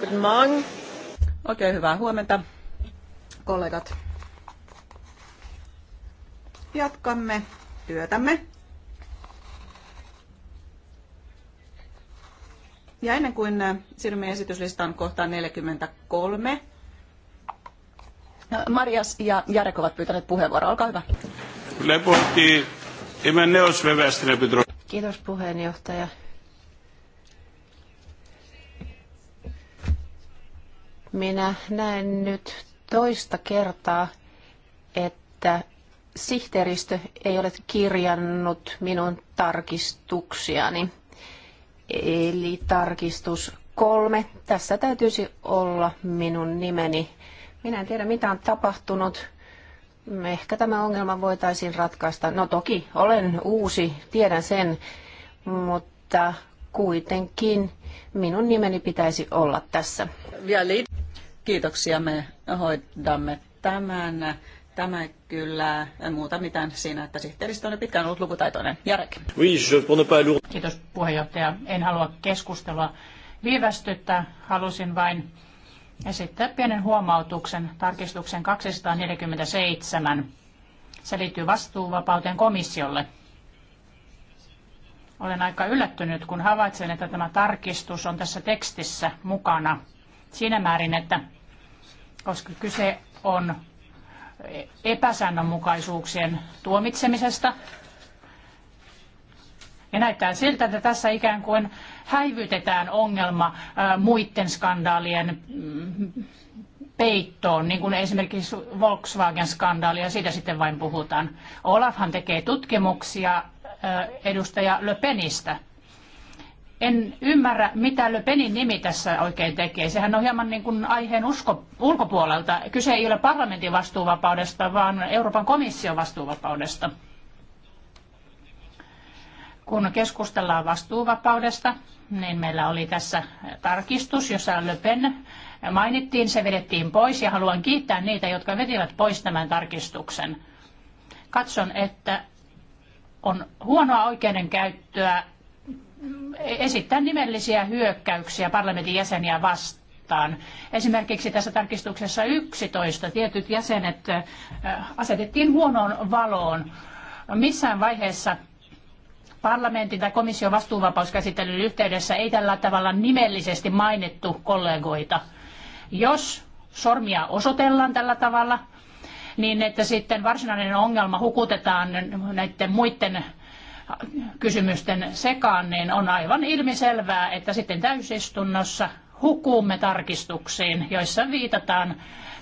Good morning. Oikein hyvää huomenta, kollegat. Jatkamme työtämme. Ja ennen kuin siirrymme esityslistaan kohtaan 43, Marias ja Jarek ovat pyytäneet puheenvuoroa. Olkaa hyvä. Kiitos puheenjohtaja. Minä näen nyt toista kertaa, että sihteeristö ei ole kirjannut minun tarkistuksiani. Eli tarkistus kolme. Tässä täytyisi olla minun nimeni. Minä en tiedä, mitä on tapahtunut. Ehkä tämä ongelma voitaisiin ratkaista. No toki, olen uusi, tiedän sen, mutta kuitenkin minun nimeni pitäisi olla tässä. Kiitoksia, me hoidamme tämän. Tämä kyllä muuta mitään siinä, että sihteeristö on pitkään ollut lukutaitoinen. Jarek. Kiitos puheenjohtaja. En halua keskustelua viivästyttää. Halusin vain esittää pienen huomautuksen tarkistuksen 247. Se liittyy vastuuvapauteen komissiolle. Olen aika yllättynyt, kun havaitsen, että tämä tarkistus on tässä tekstissä mukana – siinä määrin, että koska kyse on epäsäännönmukaisuuksien tuomitsemisesta. Ja näyttää siltä, että tässä ikään kuin häivytetään ongelma muiden skandaalien mm, peittoon, niin kuin esimerkiksi Volkswagen-skandaali, ja siitä sitten vain puhutaan. Olafhan tekee tutkimuksia edustaja Löpenistä. En ymmärrä, mitä Le Penin nimi tässä oikein tekee. Sehän on hieman niin kuin aiheen usko, ulkopuolelta. Kyse ei ole parlamentin vastuuvapaudesta, vaan Euroopan komission vastuuvapaudesta. Kun keskustellaan vastuuvapaudesta, niin meillä oli tässä tarkistus, jossa Le Pen mainittiin, se vedettiin pois ja haluan kiittää niitä, jotka vetivät pois tämän tarkistuksen. Katson, että on huonoa oikeudenkäyttöä esittää nimellisiä hyökkäyksiä parlamentin jäseniä vastaan. Esimerkiksi tässä tarkistuksessa 11 tietyt jäsenet asetettiin huonoon valoon. Missään vaiheessa parlamentin tai komission vastuunvapauskäsittelyn yhteydessä ei tällä tavalla nimellisesti mainittu kollegoita. Jos sormia osoitellaan tällä tavalla, niin että sitten varsinainen ongelma hukutetaan näiden muiden kysymysten sekaan, niin on aivan ilmiselvää, että sitten täysistunnossa hukumme tarkistuksiin, joissa viitataan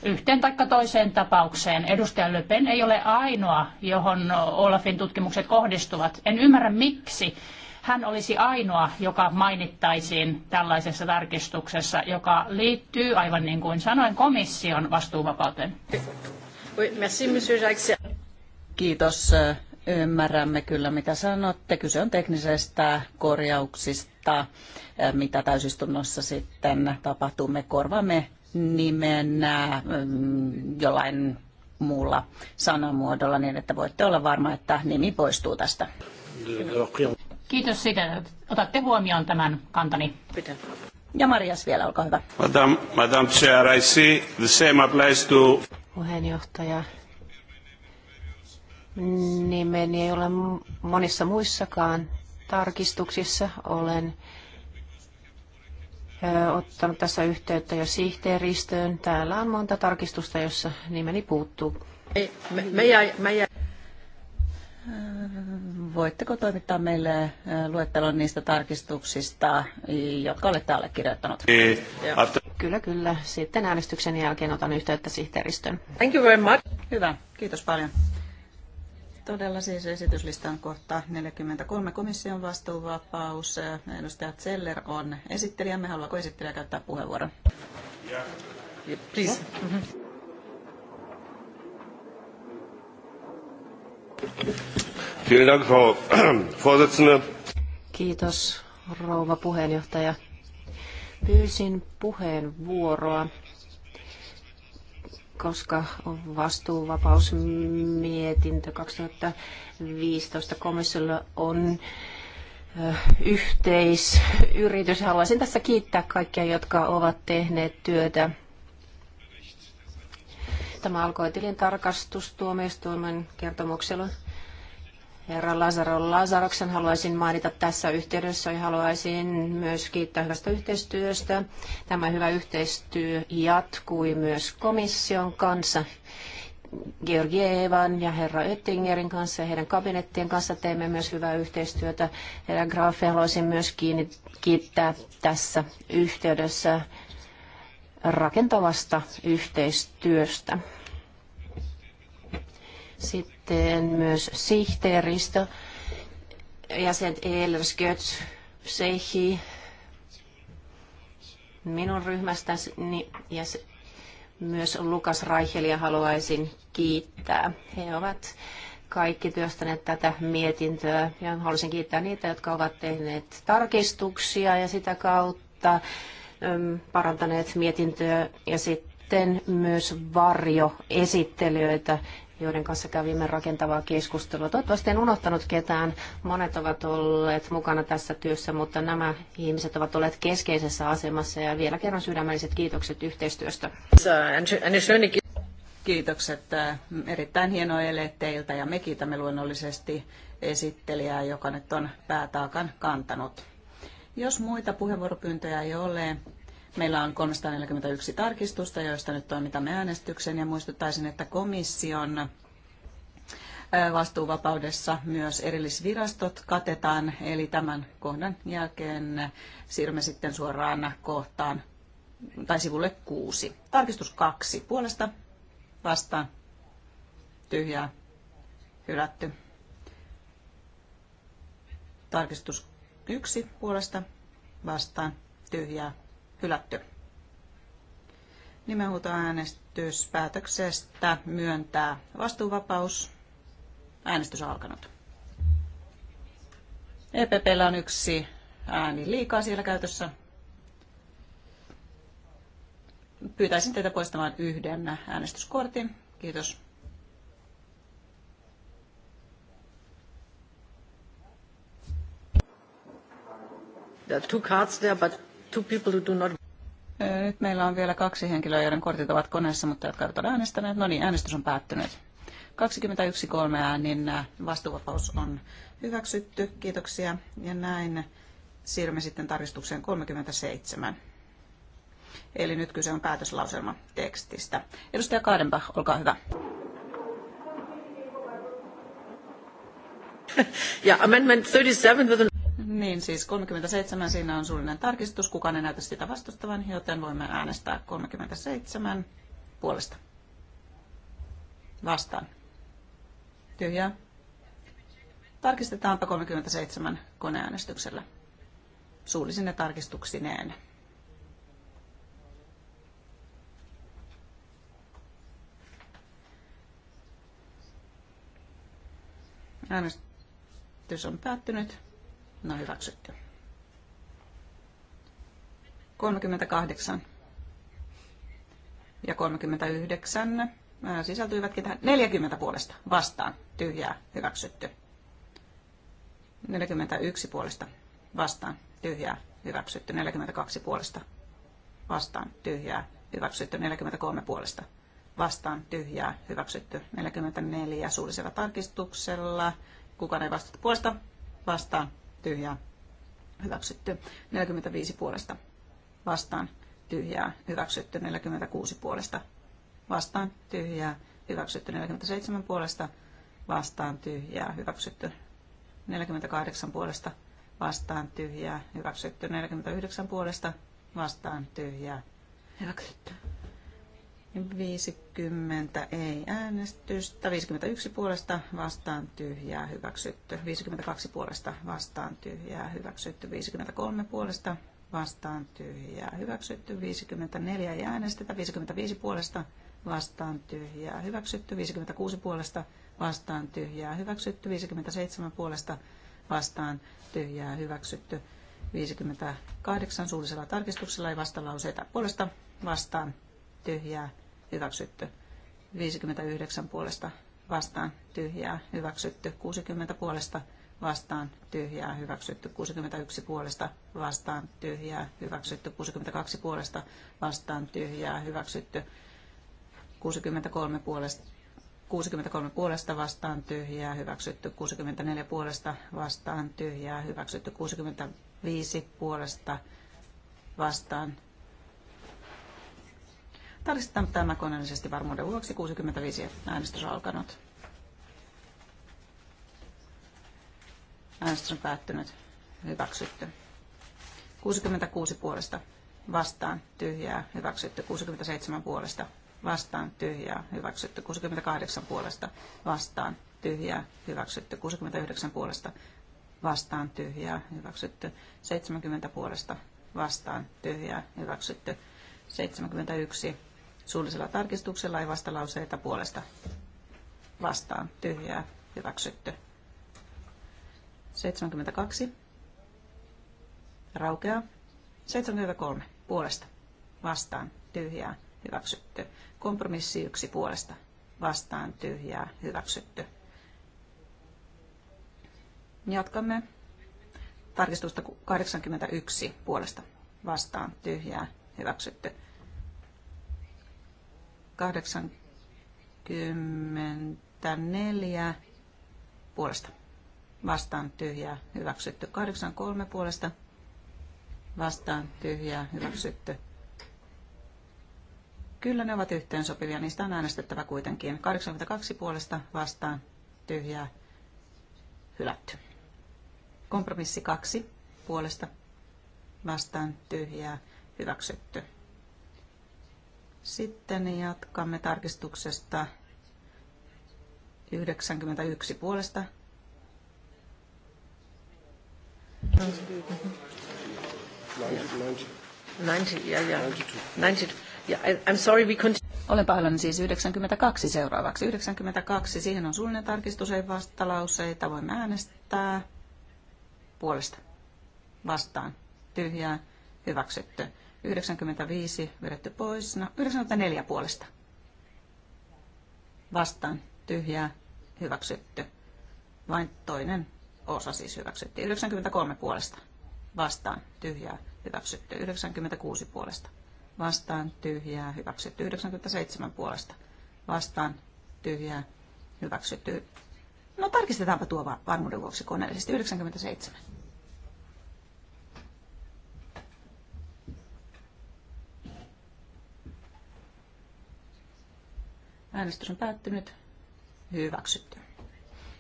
yhteen tai toiseen tapaukseen. Edustaja Löpen ei ole ainoa, johon Olafin tutkimukset kohdistuvat. En ymmärrä miksi hän olisi ainoa, joka mainittaisiin tällaisessa tarkistuksessa, joka liittyy, aivan niin kuin sanoin, komission vastuuvapauteen. Kiitos ymmärrämme kyllä, mitä sanotte. Kyse on teknisestä korjauksista, eh, mitä täysistunnossa sitten tapahtuu. Me korvaamme nimen eh, jollain muulla sanamuodolla niin, että voitte olla varma, että nimi poistuu tästä. Kiitos siitä, että otatte huomioon tämän kantani. Pitää. Ja Marias vielä, olkaa hyvä. Madam, Madam Chair, I see the same applies to... Puheenjohtaja, nimeni ei ole monissa muissakaan tarkistuksissa. Olen ottanut tässä yhteyttä jo sihteeristöön. Täällä on monta tarkistusta, jossa nimeni puuttuu. Ei, me, me, jäi, me jäi. Voitteko toimittaa meille luettelon niistä tarkistuksista, jotka olette allekirjoittanut? Eh, kyllä, kyllä. Sitten äänestyksen jälkeen otan yhteyttä sihteeristöön. Thank you very much. Hyvä, kiitos paljon todella siis esityslistan kohta 43 komission vastuuvapaus. Edustaja Zeller on esittelijämme. Haluaako esittelijä käyttää puheenvuoron? Yeah. Please. Mm-hmm. Kiitos rouva puheenjohtaja. Pyysin puheenvuoroa koska vastuuvapausmietintö 2015 komissiolla on yhteisyritys. Haluaisin tässä kiittää kaikkia, jotka ovat tehneet työtä. Tämä alkoi tilintarkastustuomioistuimen kertomuksella herra Lazaro Lazaroksen haluaisin mainita tässä yhteydessä ja haluaisin myös kiittää hyvästä yhteistyöstä. Tämä hyvä yhteistyö jatkui myös komission kanssa. Georgievan ja herra Oettingerin kanssa ja heidän kabinettien kanssa teimme myös hyvää yhteistyötä. Herra Graafe haluaisin myös kiittää tässä yhteydessä rakentavasta yhteistyöstä. Sitten sitten myös sihteeristö, jäsen Ehlers, Götz, minun ryhmästäni ja myös Lukas Raihelia haluaisin kiittää. He ovat kaikki työstäneet tätä mietintöä ja haluaisin kiittää niitä, jotka ovat tehneet tarkistuksia ja sitä kautta parantaneet mietintöä ja sitten myös varjoesittelijöitä, joiden kanssa kävimme rakentavaa keskustelua. Toivottavasti en unohtanut ketään. Monet ovat olleet mukana tässä työssä, mutta nämä ihmiset ovat olleet keskeisessä asemassa ja vielä kerran sydämelliset kiitokset yhteistyöstä. Kiitokset. Äh, erittäin hieno ele teiltä ja me kiitämme luonnollisesti esittelijää, joka nyt on päätaakan kantanut. Jos muita puheenvuoropyyntöjä ei ole, Meillä on 341 tarkistusta, joista nyt toimitamme äänestyksen ja muistuttaisin, että komission vastuuvapaudessa myös erillisvirastot katetaan, eli tämän kohdan jälkeen siirrymme sitten suoraan kohtaan tai sivulle kuusi. Tarkistus kaksi puolesta vastaan tyhjää hylätty. Tarkistus yksi puolesta vastaan tyhjää hylätty. Nimenhuutoäänestys päätöksestä myöntää vastuuvapaus. Äänestys on alkanut. EPPllä on yksi ääni liikaa siellä käytössä. Pyytäisin teitä poistamaan yhden äänestyskortin. Kiitos. There are two cards there, but two people who do not... Nyt meillä on vielä kaksi henkilöä, joiden kortit ovat koneessa, mutta jotka eivät ole äänestäneet. No niin, äänestys on päättynyt. 21.3 äänin vastuuvapaus on hyväksytty. Kiitoksia. Ja näin siirrymme sitten tarkistukseen 37. Eli nyt kyse on päätöslauselma tekstistä. Edustaja Kaadenpa, olkaa hyvä. Ja amendment 37 with an niin siis 37 siinä on suullinen tarkistus. Kukaan ei näytä sitä vastustavan, joten voimme äänestää 37 puolesta. Vastaan. Tyhjää. Tarkistetaanpa 37 koneäänestyksellä suullisine tarkistuksineen. Äänestys on päättynyt. No hyväksytty. 38 ja 39 sisältyivätkin tähän. 40 puolesta vastaan. Tyhjää hyväksytty. 41 puolesta vastaan. Tyhjää hyväksytty. 42 puolesta vastaan. Tyhjää hyväksytty. 43 puolesta vastaan. Tyhjää hyväksytty. 44 suullisella tarkistuksella. Kukaan ei vastata puolesta vastaan tyhjää hyväksytty. 45 puolesta vastaan tyhjää hyväksytty. 46 puolesta vastaan tyhjää hyväksytty. 47 puolesta vastaan tyhjää hyväksytty. 48 puolesta vastaan tyhjää hyväksytty. 49 puolesta vastaan tyhjää hyväksytty. 50 ei äänestystä, 51 puolesta vastaan tyhjää hyväksytty, 52 puolesta vastaan tyhjää hyväksytty, 53 puolesta vastaan tyhjää hyväksytty, 54 ei äänestetä, 55 puolesta vastaan tyhjää hyväksytty, 56 puolesta vastaan tyhjää hyväksytty, 57 puolesta vastaan tyhjää hyväksytty, 58 suullisella tarkistuksella ei vastalauseita puolesta vastaan tyhjää hyväksytty. 59 puolesta vastaan tyhjää hyväksytty. 60 puolesta vastaan tyhjää hyväksytty. 61 puolesta vastaan tyhjää hyväksytty. 62 puolesta vastaan tyhjää hyväksytty. 63 puolesta 63 puolesta vastaan tyhjää hyväksytty, 64 puolesta vastaan tyhjää hyväksytty, 65 puolesta vastaan Tarkistetaan tämä koneellisesti varmuuden vuoksi. 65 äänestys on alkanut. Äänestys on päättynyt. Hyväksytty. 66 puolesta vastaan tyhjää, hyväksytty 67 puolesta, vastaan tyhjää, hyväksytty 68 puolesta, vastaan tyhjää, hyväksytty 69 puolesta, vastaan tyhjää, hyväksytty 70 puolesta, vastaan tyhjää, hyväksytty 71 Suullisella tarkistuksella ei vastalauseita puolesta vastaan. Tyhjää. Hyväksytty. 72. Raukeaa. 73. Puolesta. Vastaan. Tyhjää. Hyväksytty. Kompromissi 1. Puolesta. Vastaan. Tyhjää. Hyväksytty. Jatkamme. Tarkistusta 81. Puolesta. Vastaan. Tyhjää. Hyväksytty. 84 puolesta. Vastaan tyhjää hyväksytty. 83 puolesta. Vastaan tyhjää hyväksytty. Kyllä ne ovat yhteensopivia, niistä on äänestettävä kuitenkin. 82 puolesta vastaan tyhjää hylätty. Kompromissi 2 puolesta vastaan tyhjää hyväksytty. Sitten jatkamme tarkistuksesta 91 puolesta. Olen pahoillani siis 92 seuraavaksi. 92, siihen on suullinen tarkistus, ei vastalauseita. Voimme äänestää puolesta. Vastaan. Tyhjää hyväksytty. 95 vedetty pois. No, 94 puolesta. Vastaan tyhjää hyväksytty. Vain toinen osa siis hyväksyttiin. 93 puolesta. Vastaan tyhjää hyväksytty. 96 puolesta. Vastaan tyhjää hyväksytty. 97 puolesta. Vastaan tyhjää hyväksytty. No tarkistetaanpa tuo varmuuden vuoksi koneellisesti. 97. Äänestys on päättynyt. Hyväksytty.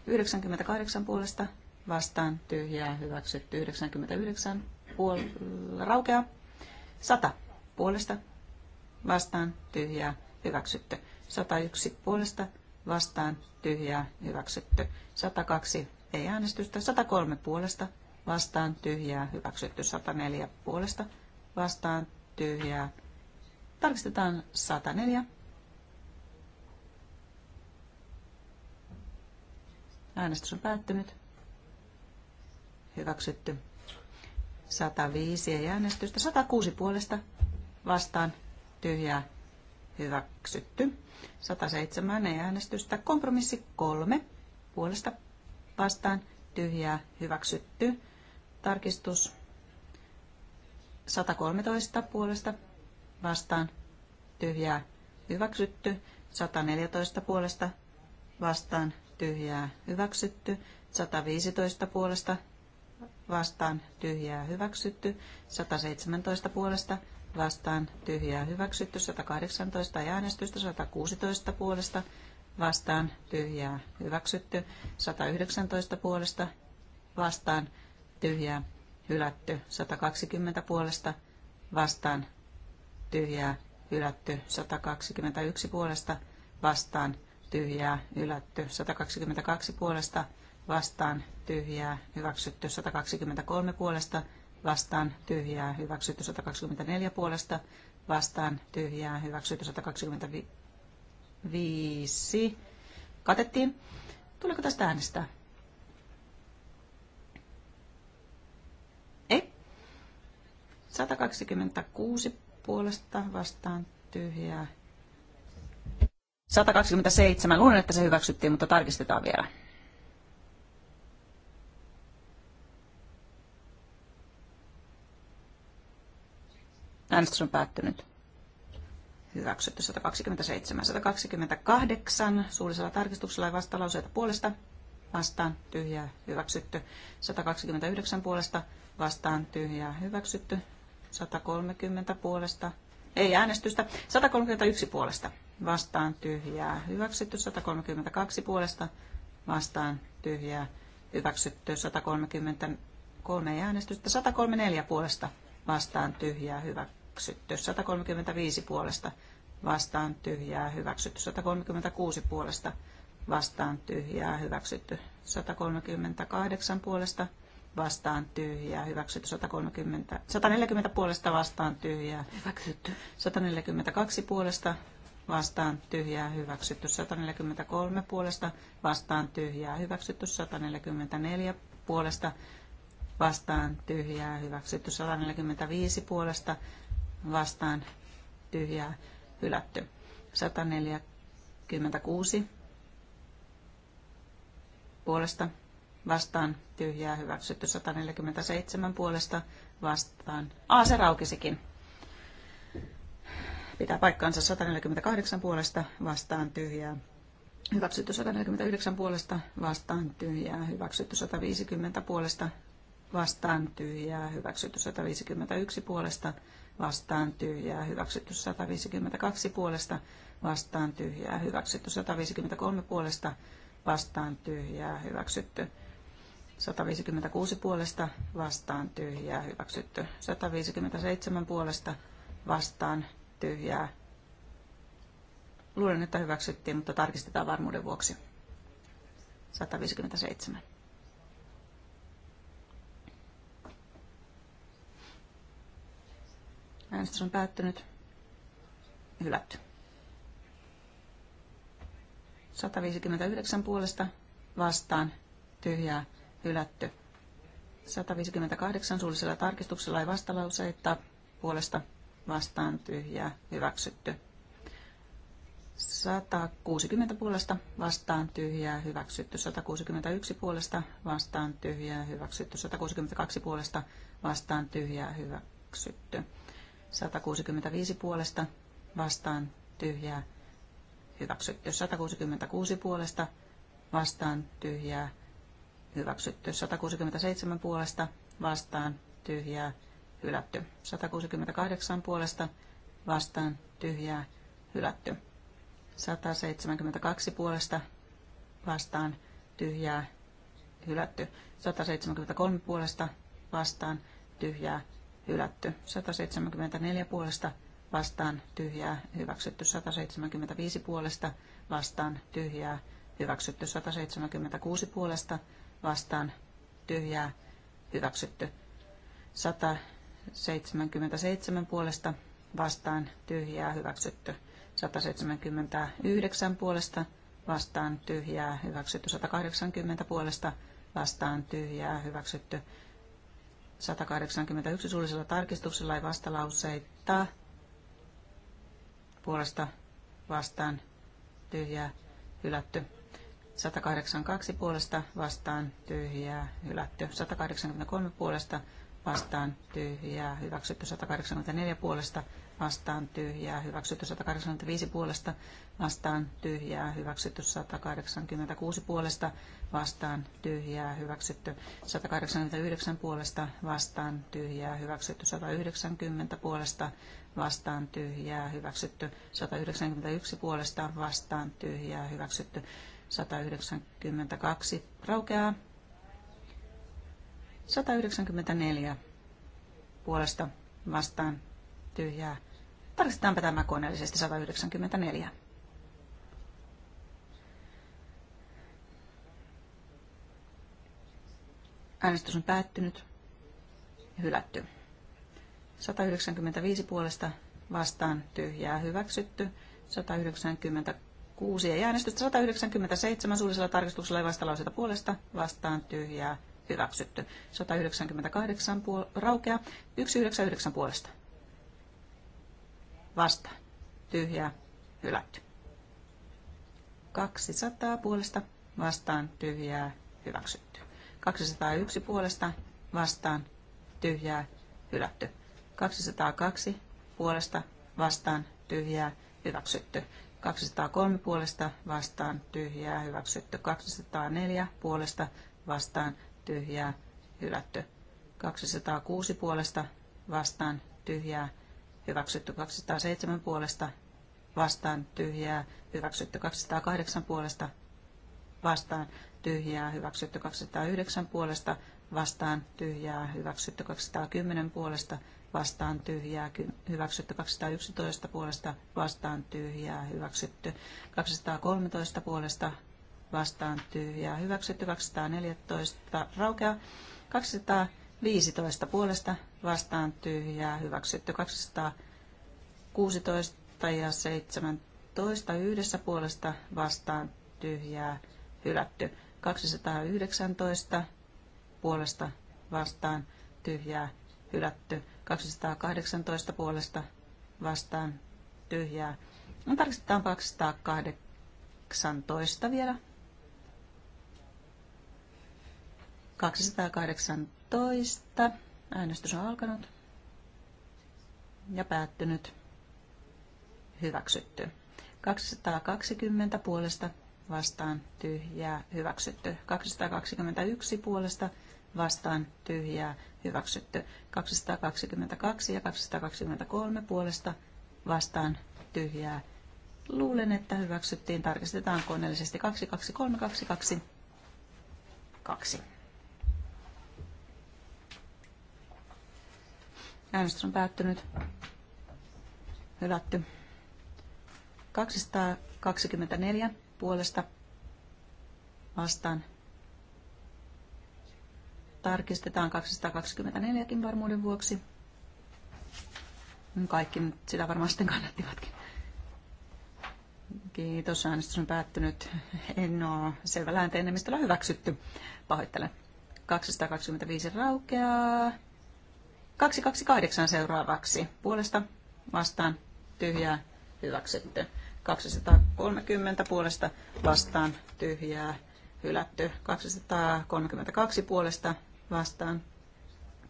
98 puolesta vastaan tyhjää hyväksytty. 99 puol- raukeaa. 100 puolesta vastaan tyhjää hyväksytty. 101 puolesta vastaan tyhjää hyväksytty. 102 ei äänestystä. 103 puolesta vastaan tyhjää hyväksytty. 104 puolesta vastaan tyhjää. Tarkistetaan 104. Äänestys on päättynyt. Hyväksytty. 105 ei äänestystä. 106 puolesta vastaan tyhjää hyväksytty. 107 ei äänestystä. Kompromissi 3 puolesta vastaan tyhjää hyväksytty. Tarkistus 113 puolesta vastaan tyhjää hyväksytty. 114 puolesta vastaan tyhjää hyväksytty. 115 puolesta vastaan tyhjää hyväksytty. 117 puolesta vastaan tyhjää hyväksytty. 118 ja äänestystä 116 puolesta vastaan tyhjää hyväksytty. 119 puolesta vastaan tyhjää hylätty. 120 puolesta vastaan tyhjää hylätty. 121 puolesta vastaan tyhjää tyhjää, hylätty. 122 puolesta vastaan tyhjää, hyväksytty. 123 puolesta vastaan tyhjää, hyväksytty. 124 puolesta vastaan tyhjää, hyväksytty. 125 katettiin. Tuliko tästä äänestää? Ei. 126 puolesta vastaan tyhjää, 127. Luulen, että se hyväksyttiin, mutta tarkistetaan vielä. Äänestys on päättynyt. Hyväksytty 127. 128. Suullisella tarkistuksella ei vastalauseita puolesta. Vastaan tyhjää hyväksytty. 129 puolesta. Vastaan tyhjää hyväksytty. 130 puolesta. Ei äänestystä. 131 puolesta vastaan tyhjää hyväksytty, 132 puolesta vastaan tyhjää hyväksytty, 133 äänestystä, 134 puolesta vastaan tyhjää hyväksytty, 135 puolesta vastaan tyhjää hyväksytty, 136 puolesta vastaan tyhjää hyväksytty, 138 puolesta vastaan tyhjää, hyväksytty 130, 140 puolesta vastaan tyhjää, hyväksytty 142 puolesta vastaan tyhjää hyväksytty 143 puolesta, vastaan tyhjää hyväksytty 144 puolesta, vastaan tyhjää hyväksytty 145 puolesta, vastaan tyhjää hylätty 146 puolesta, vastaan tyhjää hyväksytty 147 puolesta, vastaan. A, se raukisikin pitää paikkaansa 148 puolesta vastaan tyhjää. Hyväksytty 149 puolesta vastaan tyhjää. Hyväksytty 150 puolesta vastaan tyhjää. Hyväksytty 151 puolesta vastaan tyhjää. Hyväksytty 152 puolesta vastaan tyhjää. Hyväksytty 153 puolesta vastaan tyhjää. Hyväksytty 156 puolesta vastaan tyhjää. Hyväksytty 157 puolesta vastaan tyhjää. Luulen, että hyväksyttiin, mutta tarkistetaan varmuuden vuoksi. 157. Äänestys on päättynyt. Hylätty. 159 puolesta vastaan tyhjää hylätty. 158 suullisella tarkistuksella ei vastalauseita puolesta vastaan tyhjä hyväksytty. 160 puolesta vastaan tyhjää hyväksytty, 161 puolesta vastaan tyhjää hyväksytty, 162 puolesta vastaan tyhjää hyväksytty, 165 puolesta vastaan tyhjää hyväksytty, 166 puolesta vastaan tyhjää hyväksytty, 167 puolesta vastaan tyhjää hyväksytty hylätty. 168 puolesta vastaan tyhjää hylätty. 172 puolesta vastaan tyhjää hylätty. 173 puolesta vastaan tyhjää hylätty. 174 puolesta vastaan tyhjää hyväksytty. 175 puolesta vastaan tyhjää hyväksytty. 176 puolesta vastaan tyhjää hyväksytty. 100 77 puolesta vastaan tyhjää hyväksytty. 179 puolesta vastaan tyhjää hyväksytty. 180 puolesta vastaan tyhjää hyväksytty. 181 suullisella tarkistuksella ei vastalauseita puolesta vastaan tyhjää hylätty. 182 puolesta vastaan tyhjää hylätty. 183 puolesta vastaan tyhjää, hyväksytty 184 puolesta vastaan tyhjää, hyväksytty 185 puolesta vastaan tyhjää, hyväksytty 186 puolesta vastaan tyhjää, hyväksytty 189 puolesta vastaan tyhjää, hyväksytty 190 puolesta vastaan tyhjää, hyväksytty 191 puolesta vastaan tyhjää, hyväksytty 192 raukeaa 194 puolesta vastaan tyhjää. Tarkistetaanpa tämä koneellisesti 194. Äänestys on päättynyt. Hylätty. 195 puolesta vastaan tyhjää hyväksytty. 196 ja äänestystä 197 suullisella tarkistuksella ei vastalauseita puolesta vastaan tyhjää hyväksytty. 198 puol- raukea. 199 puolesta. Vasta. Tyhjää. Hylätty. 200 puolesta. Vastaan. Tyhjää. Hyväksytty. 201 puolesta. Vastaan. Tyhjää. Hylätty. 202 puolesta. Vastaan. Tyhjää. Hyväksytty. 203 puolesta vastaan tyhjää hyväksytty, 204 puolesta vastaan tyhjää, hylätty. 206 puolesta vastaan tyhjää, hyväksytty 207 puolesta vastaan tyhjää, hyväksytty 208 puolesta vastaan tyhjää, hyväksytty 209 puolesta vastaan tyhjää, hyväksytty 210 puolesta vastaan tyhjää, hyväksytty 211 puolesta vastaan tyhjää, hyväksytty 213 puolesta vastaan tyhjää. Hyväksytty 214 raukea 215 puolesta vastaan tyhjää. Hyväksytty 216 ja 17 yhdessä puolesta vastaan tyhjää. Hylätty 219 puolesta vastaan tyhjää. Hylätty 218 puolesta vastaan tyhjää. No tarkistetaan 218 vielä 218. Äänestys on alkanut ja päättynyt. Hyväksytty. 220 puolesta vastaan tyhjää hyväksytty. 221 puolesta vastaan tyhjää hyväksytty. 222 ja 223 puolesta vastaan tyhjää. Luulen, että hyväksyttiin. Tarkistetaan koneellisesti 22322. 2. Äänestys on päättynyt. Hylätty. 224 puolesta vastaan. Tarkistetaan 224kin varmuuden vuoksi. Kaikki sitä varmasti kannattivatkin. Kiitos, äänestys on päättynyt. En ole selvällä mistä enemmistöllä hyväksytty. Pahoittelen. 225 raukeaa. 228 seuraavaksi. Puolesta vastaan tyhjää hyväksytty. 230 puolesta vastaan tyhjää hylätty. 232 puolesta vastaan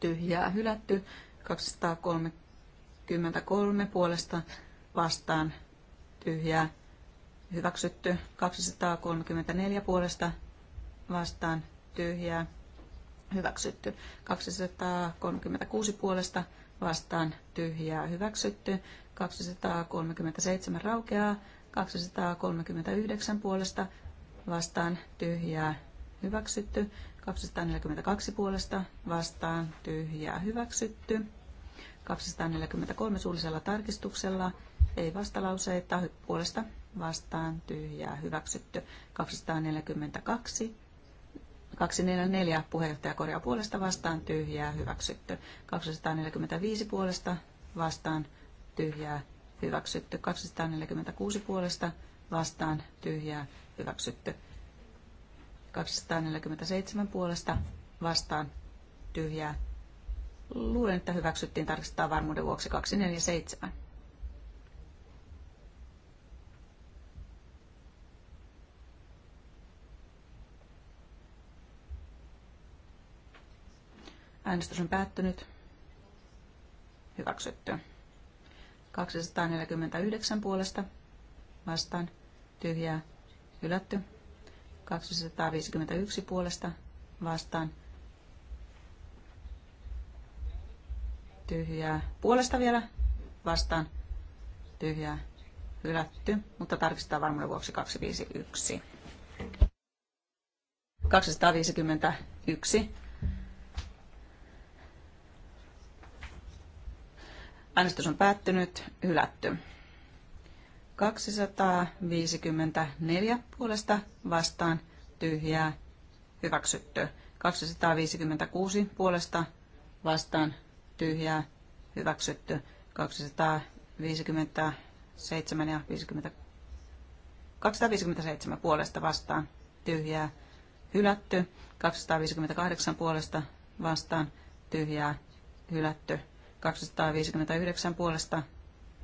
tyhjää hylätty. 233 puolesta vastaan tyhjää hyväksytty. 234 puolesta vastaan tyhjää hyväksytty. 236 puolesta vastaan tyhjää hyväksytty. 237 raukeaa. 239 puolesta vastaan tyhjää hyväksytty. 242 puolesta vastaan tyhjää hyväksytty. 243 suullisella tarkistuksella ei vastalauseita puolesta vastaan tyhjää hyväksytty. 242 244 puheenjohtajakorjaa puolesta vastaan tyhjää hyväksytty. 245 puolesta vastaan tyhjää hyväksytty. 246 puolesta vastaan tyhjää hyväksytty. 247 puolesta vastaan tyhjää. Luulen, että hyväksyttiin tarkistaa varmuuden vuoksi 247. Äänestys on päättynyt. Hyväksytty. 249 puolesta vastaan tyhjää hylätty. 251 puolesta vastaan tyhjää puolesta vielä vastaan tyhjää hylätty, mutta tarkistetaan varmuuden vuoksi 251. 251 Äänestys on päättynyt, hylätty. 254 puolesta vastaan tyhjää hyväksytty. 256 puolesta vastaan tyhjää hyväksytty. 257 ja 50, 257 puolesta vastaan tyhjää hylätty. 258 puolesta vastaan tyhjää hylätty. 259 puolesta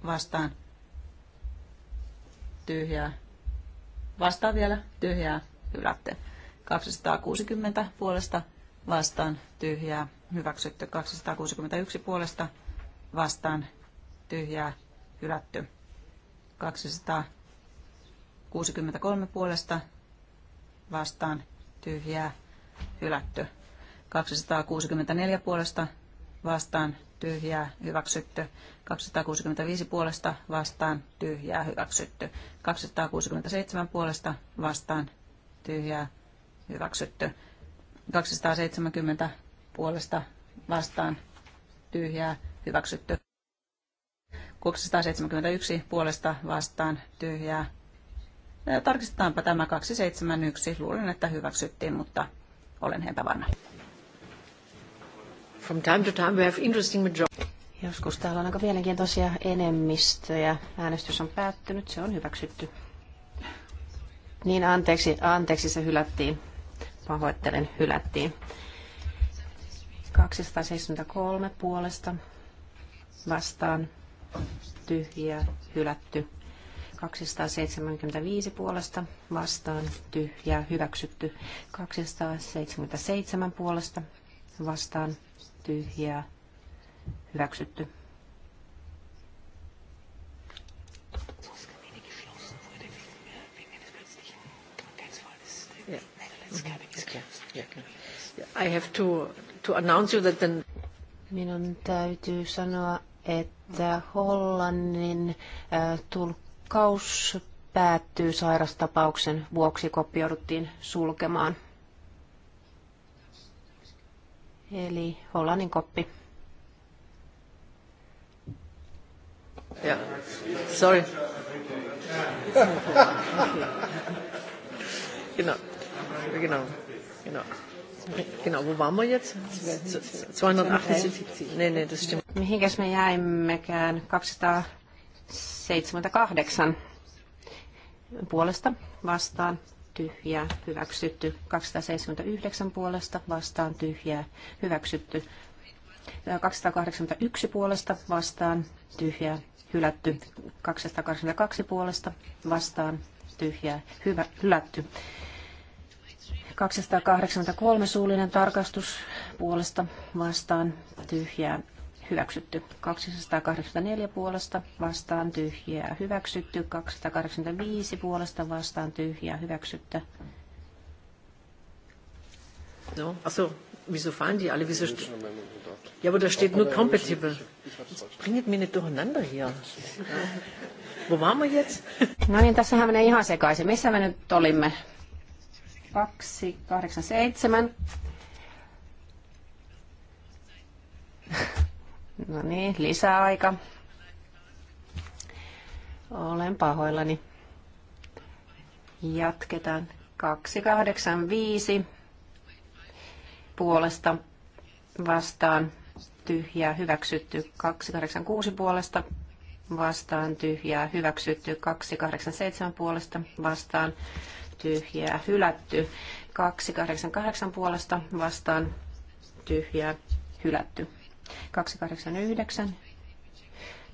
vastaan tyhjää. Vastaan vielä tyhjää hylätty. 260 puolesta vastaan tyhjää hyväksytty. 261 puolesta vastaan tyhjää hylätty. 263 puolesta vastaan tyhjää hylätty. 264 puolesta vastaan tyhjää, hyväksytty. 265 puolesta vastaan, tyhjää, hyväksytty. 267 puolesta vastaan, tyhjää, hyväksytty. 270 puolesta vastaan, tyhjää, hyväksytty. 671 puolesta vastaan, tyhjää. No, tarkistetaanpa tämä 271. Luulen, että hyväksyttiin, mutta olen varma. From time to time we have interesting majority. Joskus täällä on aika mielenkiintoisia enemmistöjä. Äänestys on päättynyt, se on hyväksytty. Niin, anteeksi, anteeksi se hylättiin. Pahoittelen, hylättiin. 273 puolesta vastaan tyhjiä, hylätty. 275 puolesta vastaan tyhjä, hyväksytty. 277 puolesta vastaan tyhjää hyväksytty. I have to, to announce you that then... Minun täytyy sanoa, että Hollannin äh, tulkkaus päättyy sairastapauksen vuoksi, kopioiduttiin sulkemaan. Eli Hollannin koppi. Yeah. Sorry. genau. Genau. Genau. Genau, wo waren wir jetzt? 278. Nee, nee, das stimmt. Mihinkäs me jäimmekään? 278. Puolesta vastaan tyhjää, hyväksytty. 279 puolesta vastaan tyhjää, hyväksytty. 281 puolesta vastaan tyhjää, hylätty. 282 puolesta vastaan tyhjää, hyvä, hylätty. 283 suullinen tarkastus puolesta vastaan tyhjää hyväksytty. 284 puolesta vastaan tyhjää hyväksytty. 285 puolesta vastaan tyhjää hyväksyttä. No, also, wieso fahren die alle? Wieso ja, aber da steht nur compatible. Das bringt mich nicht durcheinander hier. Wo waren wir jetzt? No niin, tässähän menee ihan sekaisin. Missä me nyt olimme? 287. No niin, lisäaika. Olen pahoillani. Jatketaan. 285 puolesta vastaan tyhjää hyväksytty. 286 puolesta vastaan tyhjää hyväksytty. 287 puolesta vastaan tyhjää hylätty. 288 puolesta vastaan tyhjää hylätty. 289.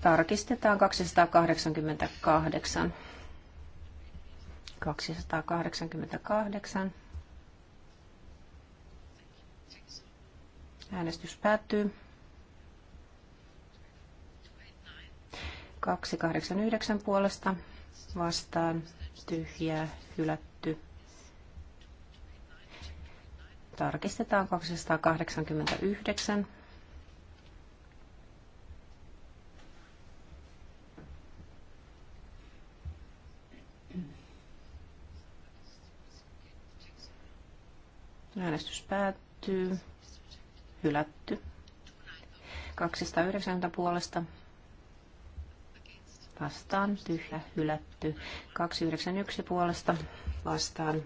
Tarkistetaan 288. 288. Äänestys päättyy. 289 puolesta vastaan tyhjää hylätty. Tarkistetaan 289. Äänestys päättyy. Hylätty. 290 puolesta vastaan tyhjä hylätty. 291 puolesta vastaan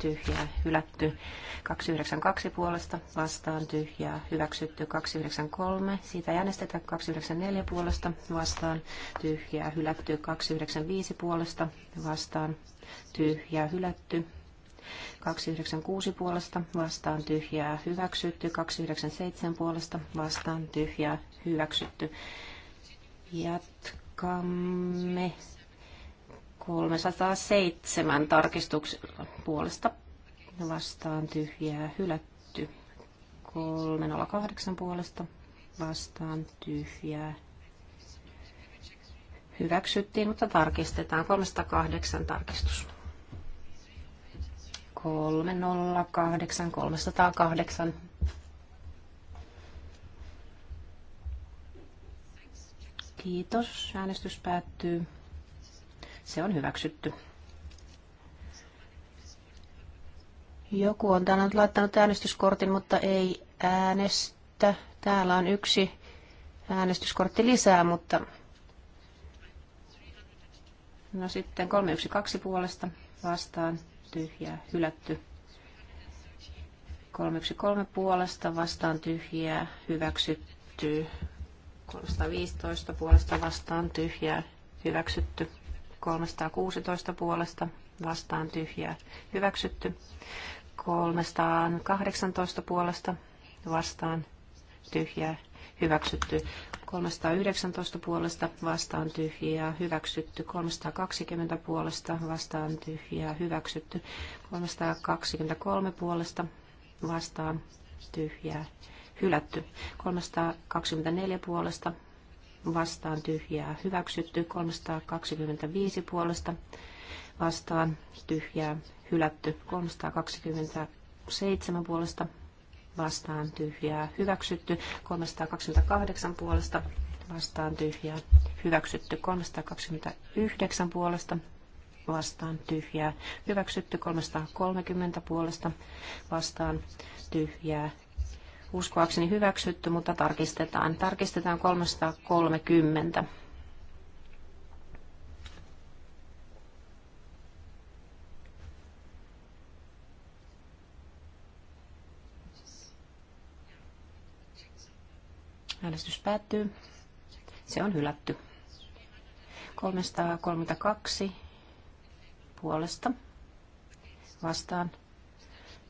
tyhjä, hylätty. 292 puolesta vastaan tyhjä, hyväksytty. 293 siitä äänestetä. 294 puolesta vastaan tyhjä, hylätty. 295 puolesta vastaan tyhjä, hylätty. 296 puolesta vastaan tyhjää hyväksytty, 297 puolesta vastaan tyhjää hyväksytty. Jatkamme 307 tarkistuksella puolesta vastaan tyhjää hylätty. 308 puolesta vastaan tyhjää hyväksyttiin, mutta tarkistetaan. 308 tarkistus. 308 308. Kiitos. Äänestys päättyy. Se on hyväksytty. Joku on täällä nyt laittanut äänestyskortin, mutta ei äänestä. Täällä on yksi äänestyskortti lisää, mutta... No sitten 312 puolesta vastaan tyhjää, hylätty. kolme puolesta vastaan tyhjää, hyväksytty. 315 puolesta vastaan tyhjää, hyväksytty. 316 puolesta vastaan tyhjää, hyväksytty. 318 puolesta vastaan tyhjää, hyväksytty 319 puolesta vastaan tyhjiä, hyväksytty 320 puolesta vastaan tyhjiä, hyväksytty 323 puolesta vastaan tyhjää, hylätty 324 puolesta vastaan tyhjää, hyväksytty 325 puolesta vastaan tyhjää, hylätty 327 puolesta vastaan tyhjää hyväksytty, 328 puolesta vastaan tyhjää hyväksytty, 329 puolesta vastaan tyhjää hyväksytty, 330 puolesta vastaan tyhjää uskoakseni hyväksytty, mutta tarkistetaan. Tarkistetaan 330. Äänestys päättyy. Se on hylätty. 332 puolesta vastaan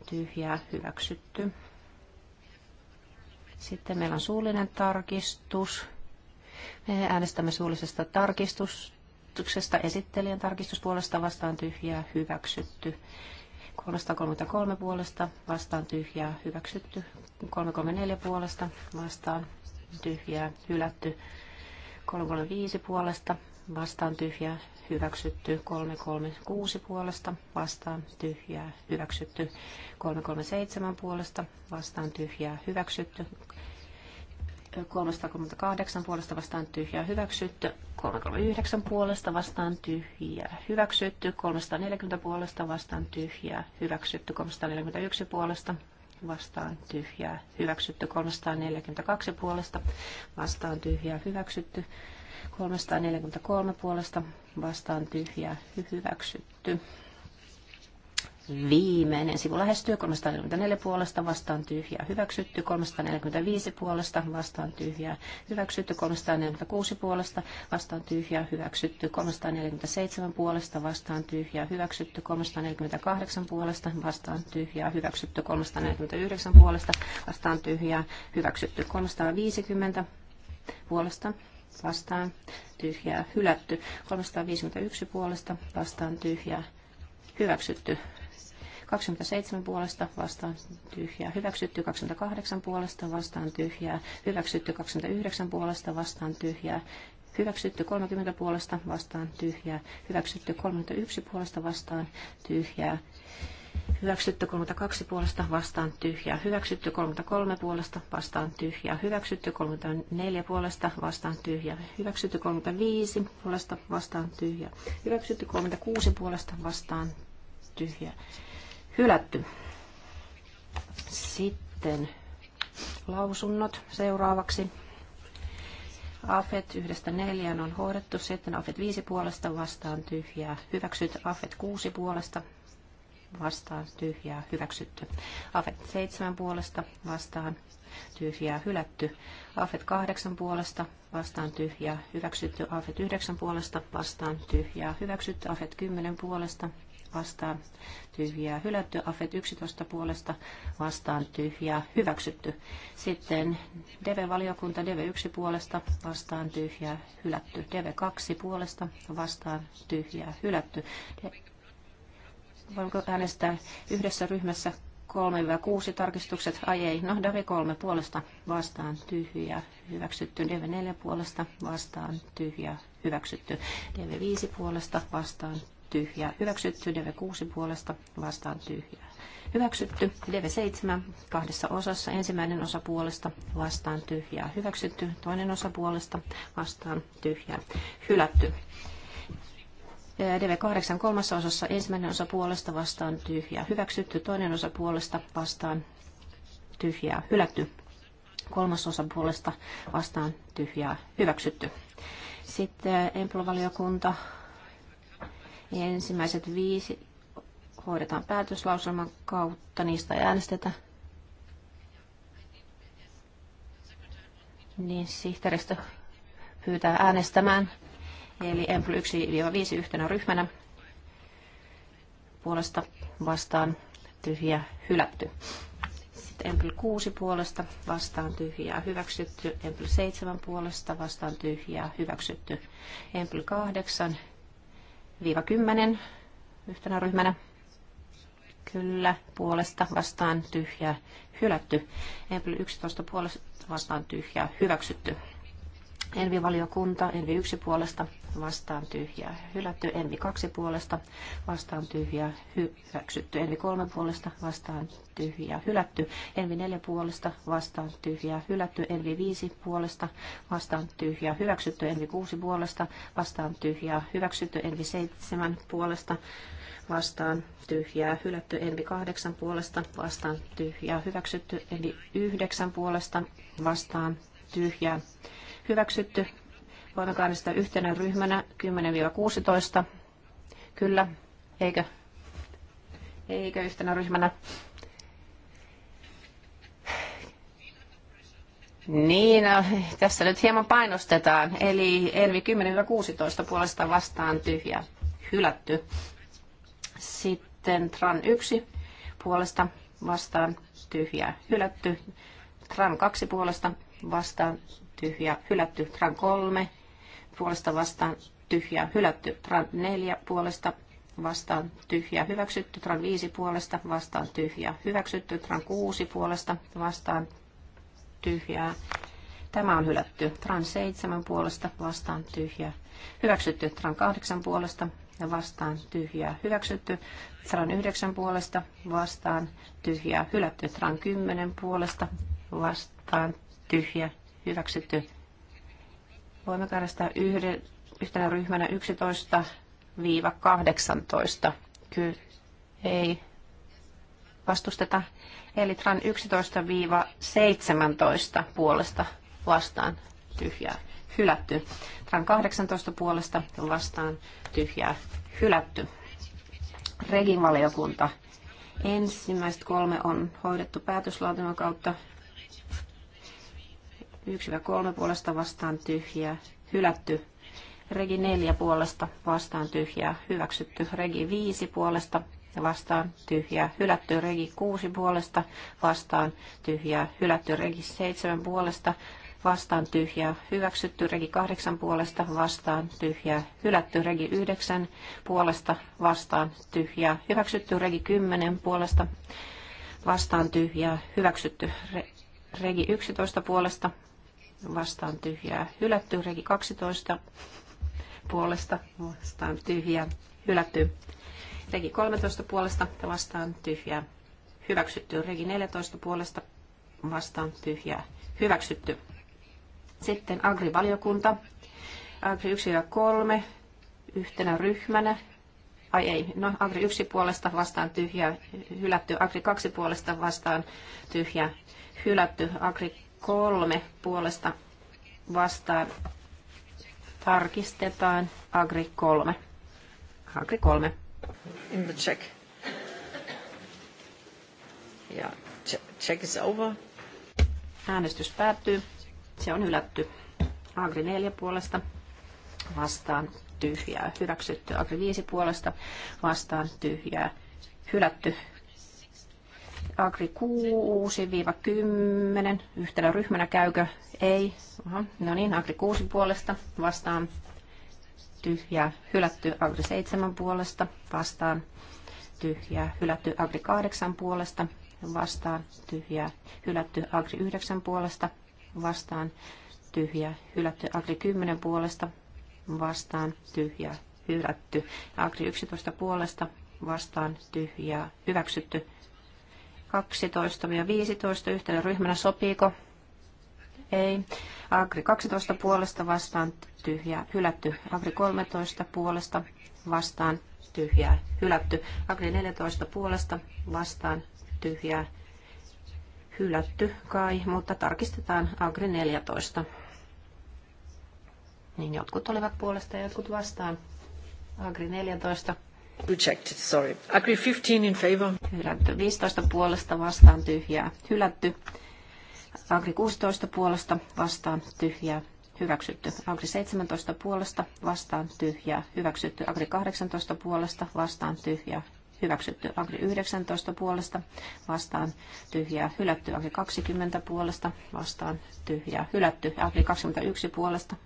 tyhjää hyväksytty. Sitten meillä on suullinen tarkistus. Me äänestämme suullisesta tarkistuksesta esittelijän tarkistuspuolesta vastaan tyhjää hyväksytty. 333 puolesta vastaan tyhjää hyväksytty. 334 puolesta vastaan tyhjää, hylätty. 335 puolesta vastaan tyhjää, hyväksytty. 336 puolesta vastaan tyhjää, hyväksytty. 337 puolesta vastaan tyhjää, hyväksytty. 338 puolesta vastaan tyhjää hyväksytty, 339 puolesta vastaan tyhjää hyväksytty, 340 puolesta vastaan tyhjää hyväksytty, 341 puolesta vastaan tyhjää hyväksytty 342 puolesta, vastaan tyhjää hyväksytty 343 puolesta, vastaan tyhjää hyväksytty viimeinen sivu lähestyy 344 puolesta vastaan tyhjää hyväksytty, 345 puolesta vastaan tyhjää hyväksytty, 346 puolesta vastaan tyhjää hyväksytty, 347 puolesta vastaan tyhjää hyväksytty, 348 puolesta vastaan tyhjää hyväksytty, 349 puolesta vastaan tyhjää hyväksytty, 350 puolesta vastaan tyhjää hylätty, 351 puolesta vastaan tyhjää hyväksytty, 27 puolesta vastaan tyhjää hyväksytty, 28 puolesta vastaan tyhjää hyväksytty, 29 puolesta vastaan tyhjää hyväksytty 30 puolesta vastaan tyhjää, hyväksytty 31 puolesta vastaan tyhjää, hyväksytty 32 puolesta vastaan tyhjää, hyväksytty 33 puolesta vastaan tyhjää, hyväksytty 34 puolesta vastaan tyhjää, hyväksytty 35 puolesta vastaan tyhjää, hyväksytty 36 puolesta vastaan tyhjää hylätty. Sitten lausunnot seuraavaksi. AFET yhdestä neljään on hoidettu, sitten AFET 5 puolesta vastaan tyhjää, hyväksytty AFET 6 puolesta vastaan tyhjää, hyväksytty. AFET 7 puolesta vastaan tyhjää, hylätty. AFET 8 puolesta vastaan tyhjää, hyväksytty. AFET 9 puolesta vastaan tyhjää, hyväksytty. AFET 10 puolesta vastaan tyhjää hylätty, AFET 11 puolesta vastaan tyhjää hyväksytty. Sitten DV-valiokunta DV1 puolesta vastaan tyhjää hylätty, DV2 puolesta vastaan tyhjää hylätty. De- Voinko äänestää yhdessä ryhmässä 3-6 tarkistukset, ai ei, no DV3 puolesta vastaan tyhjä, hyväksytty, DV4 puolesta vastaan tyhjä, hyväksytty, DV5 puolesta vastaan tyhjä hyväksytty, DV6 puolesta vastaan tyhjä hyväksytty, DV7 kahdessa osassa, ensimmäinen osa puolesta vastaan tyhjä hyväksytty, toinen osa puolesta vastaan tyhjä hylätty. Eh, DV8 kolmassa osassa ensimmäinen osa puolesta vastaan tyhjä hyväksytty, toinen osa puolesta vastaan tyhjää hylätty, kolmas osa puolesta vastaan tyhjää hyväksytty. Sitten eh, Emplovaliokunta niin ensimmäiset viisi hoidetaan päätöslauselman kautta, niistä ei äänestetä. Niin sihteeristö pyytää äänestämään, eli Empl 1-5 yhtenä ryhmänä puolesta vastaan tyhjä hylätty. Sitten Empl 6 puolesta vastaan tyhjää hyväksytty. Empl 7 puolesta vastaan tyhjää hyväksytty. Empl 8 1-10 yhtenä ryhmänä. Kyllä, puolesta vastaan tyhjä, hylätty. Empel 11 puolesta vastaan tyhjä, hyväksytty. Envi-valiokunta, Envi yksi puolesta, vastaan tyhjää, hylätty. Envi kaksi puolesta, vastaan tyhjää, hyväksytty. Envi kolme puolesta, vastaan tyhjää, hylätty. Envi neljä puolesta, vastaan tyhjää, hylätty. Envi viisi puolesta, vastaan tyhjää, hyväksytty. Envi kuusi puolesta, vastaan tyhjää, hyväksytty. Envi seitsemän puolesta, vastaan tyhjää, hylätty Envi 8 puolesta, vastaan tyhjää, hyväksytty Envi 9 puolesta, vastaan tyhjää, hyväksytty. Voimme äänestää yhtenä ryhmänä 10-16. Kyllä, eikö? Eikö yhtenä ryhmänä? Niin, no, tässä nyt hieman painostetaan. Eli Envi 10-16 puolesta vastaan tyhjä, hylätty. Sitten Tran 1 puolesta vastaan tyhjä, hylätty. Tran 2 puolesta vastaan tyhjä hylätty. Tran 3 puolesta vastaan tyhjä hylätty. Tran 4 puolesta vastaan tyhjä hyväksytty. Tran 5 puolesta vastaan tyhjä hyväksytty. Tran 6 puolesta vastaan tyhjää. Tämä on hylätty. Tran 7 puolesta vastaan tyhjä hyväksytty. Tran 8 puolesta ja vastaan tyhjää hyväksytty. Tran 9 puolesta vastaan tyhjää hylätty. Tran 10 puolesta vastaan tyhjää hyväksytty. Voimme karastaa yhden, yhtenä ryhmänä 11-18. Kyllä ei vastusteta. Eli TRAN 11-17 puolesta vastaan tyhjää hylätty. TRAN 18 puolesta vastaan tyhjää hylätty. Regin valiokunta. Ensimmäiset kolme on hoidettu päätöslautelman kautta. 1-3 puolesta vastaan tyhjää, hylätty. Regi 4 puolesta vastaan tyhjää, hyväksytty. Regi 5 puolesta vastaan tyhjää, hylätty. Regi 6 puolesta vastaan tyhjää, hylätty. Regi 7 puolesta vastaan tyhjää, hyväksytty regi 8 puolesta, vastaan tyhjää, hylätty regi 9 puolesta, vastaan tyhjää, hyväksytty regi 10 puolesta, vastaan tyhjää, hyväksytty regi 11 puolesta, vastaan tyhjää hylätty. Regi 12 puolesta vastaan tyhjää hylätty. Regi 13 puolesta vastaan tyhjää hyväksytty. Regi 14 puolesta vastaan tyhjää hyväksytty. Sitten agrivaliokunta. Agri 1 ja 3 yhtenä ryhmänä. Ai ei, no Agri 1 puolesta vastaan tyhjää hylätty, Agri 2 puolesta vastaan tyhjää hylätty, Agri kolme puolesta vastaan tarkistetaan Agri 3. Agri 3. In the check. Ja check is over. Äänestys päättyy. Se on hylätty. Agri 4 puolesta vastaan tyhjää. Hyväksytty Agri 5 puolesta vastaan tyhjää. Hylätty Agri 6-10 yhtenä ryhmänä käykö? Ei. Aha. No niin, Agri 6 puolesta vastaan. Tyhjää hylätty Agri 7 puolesta vastaan. Tyhjää hylätty Agri 8 puolesta vastaan. Tyhjää hylätty Agri 9 puolesta vastaan. Tyhjää hylätty Agri 10 puolesta vastaan. Tyhjää hylätty Agri 11 puolesta vastaan. Tyhjää hyväksytty 12-15 yhtenä ryhmänä. Sopiiko? Ei. Agri 12 puolesta vastaan tyhjää hylätty. Agri 13 puolesta vastaan tyhjää hylätty. Agri 14 puolesta vastaan tyhjää hylätty kai, mutta tarkistetaan Agri 14. Niin jotkut olivat puolesta ja jotkut vastaan. Agri 14 Rejected, sorry. Agri 15 in favor. Hylätty 15 puolesta vastaan tyhjää. Hylätty. Agri 16 puolesta vastaan tyhjää. Hyväksytty. Agri 17 puolesta vastaan tyhjää. Hyväksytty. Agri 18 puolesta vastaan tyhjää. Hyväksytty. Agri 19 puolesta vastaan tyhjää. Hylätty. Agri 20 puolesta vastaan tyhjää. Hylätty. Agri 21 puolesta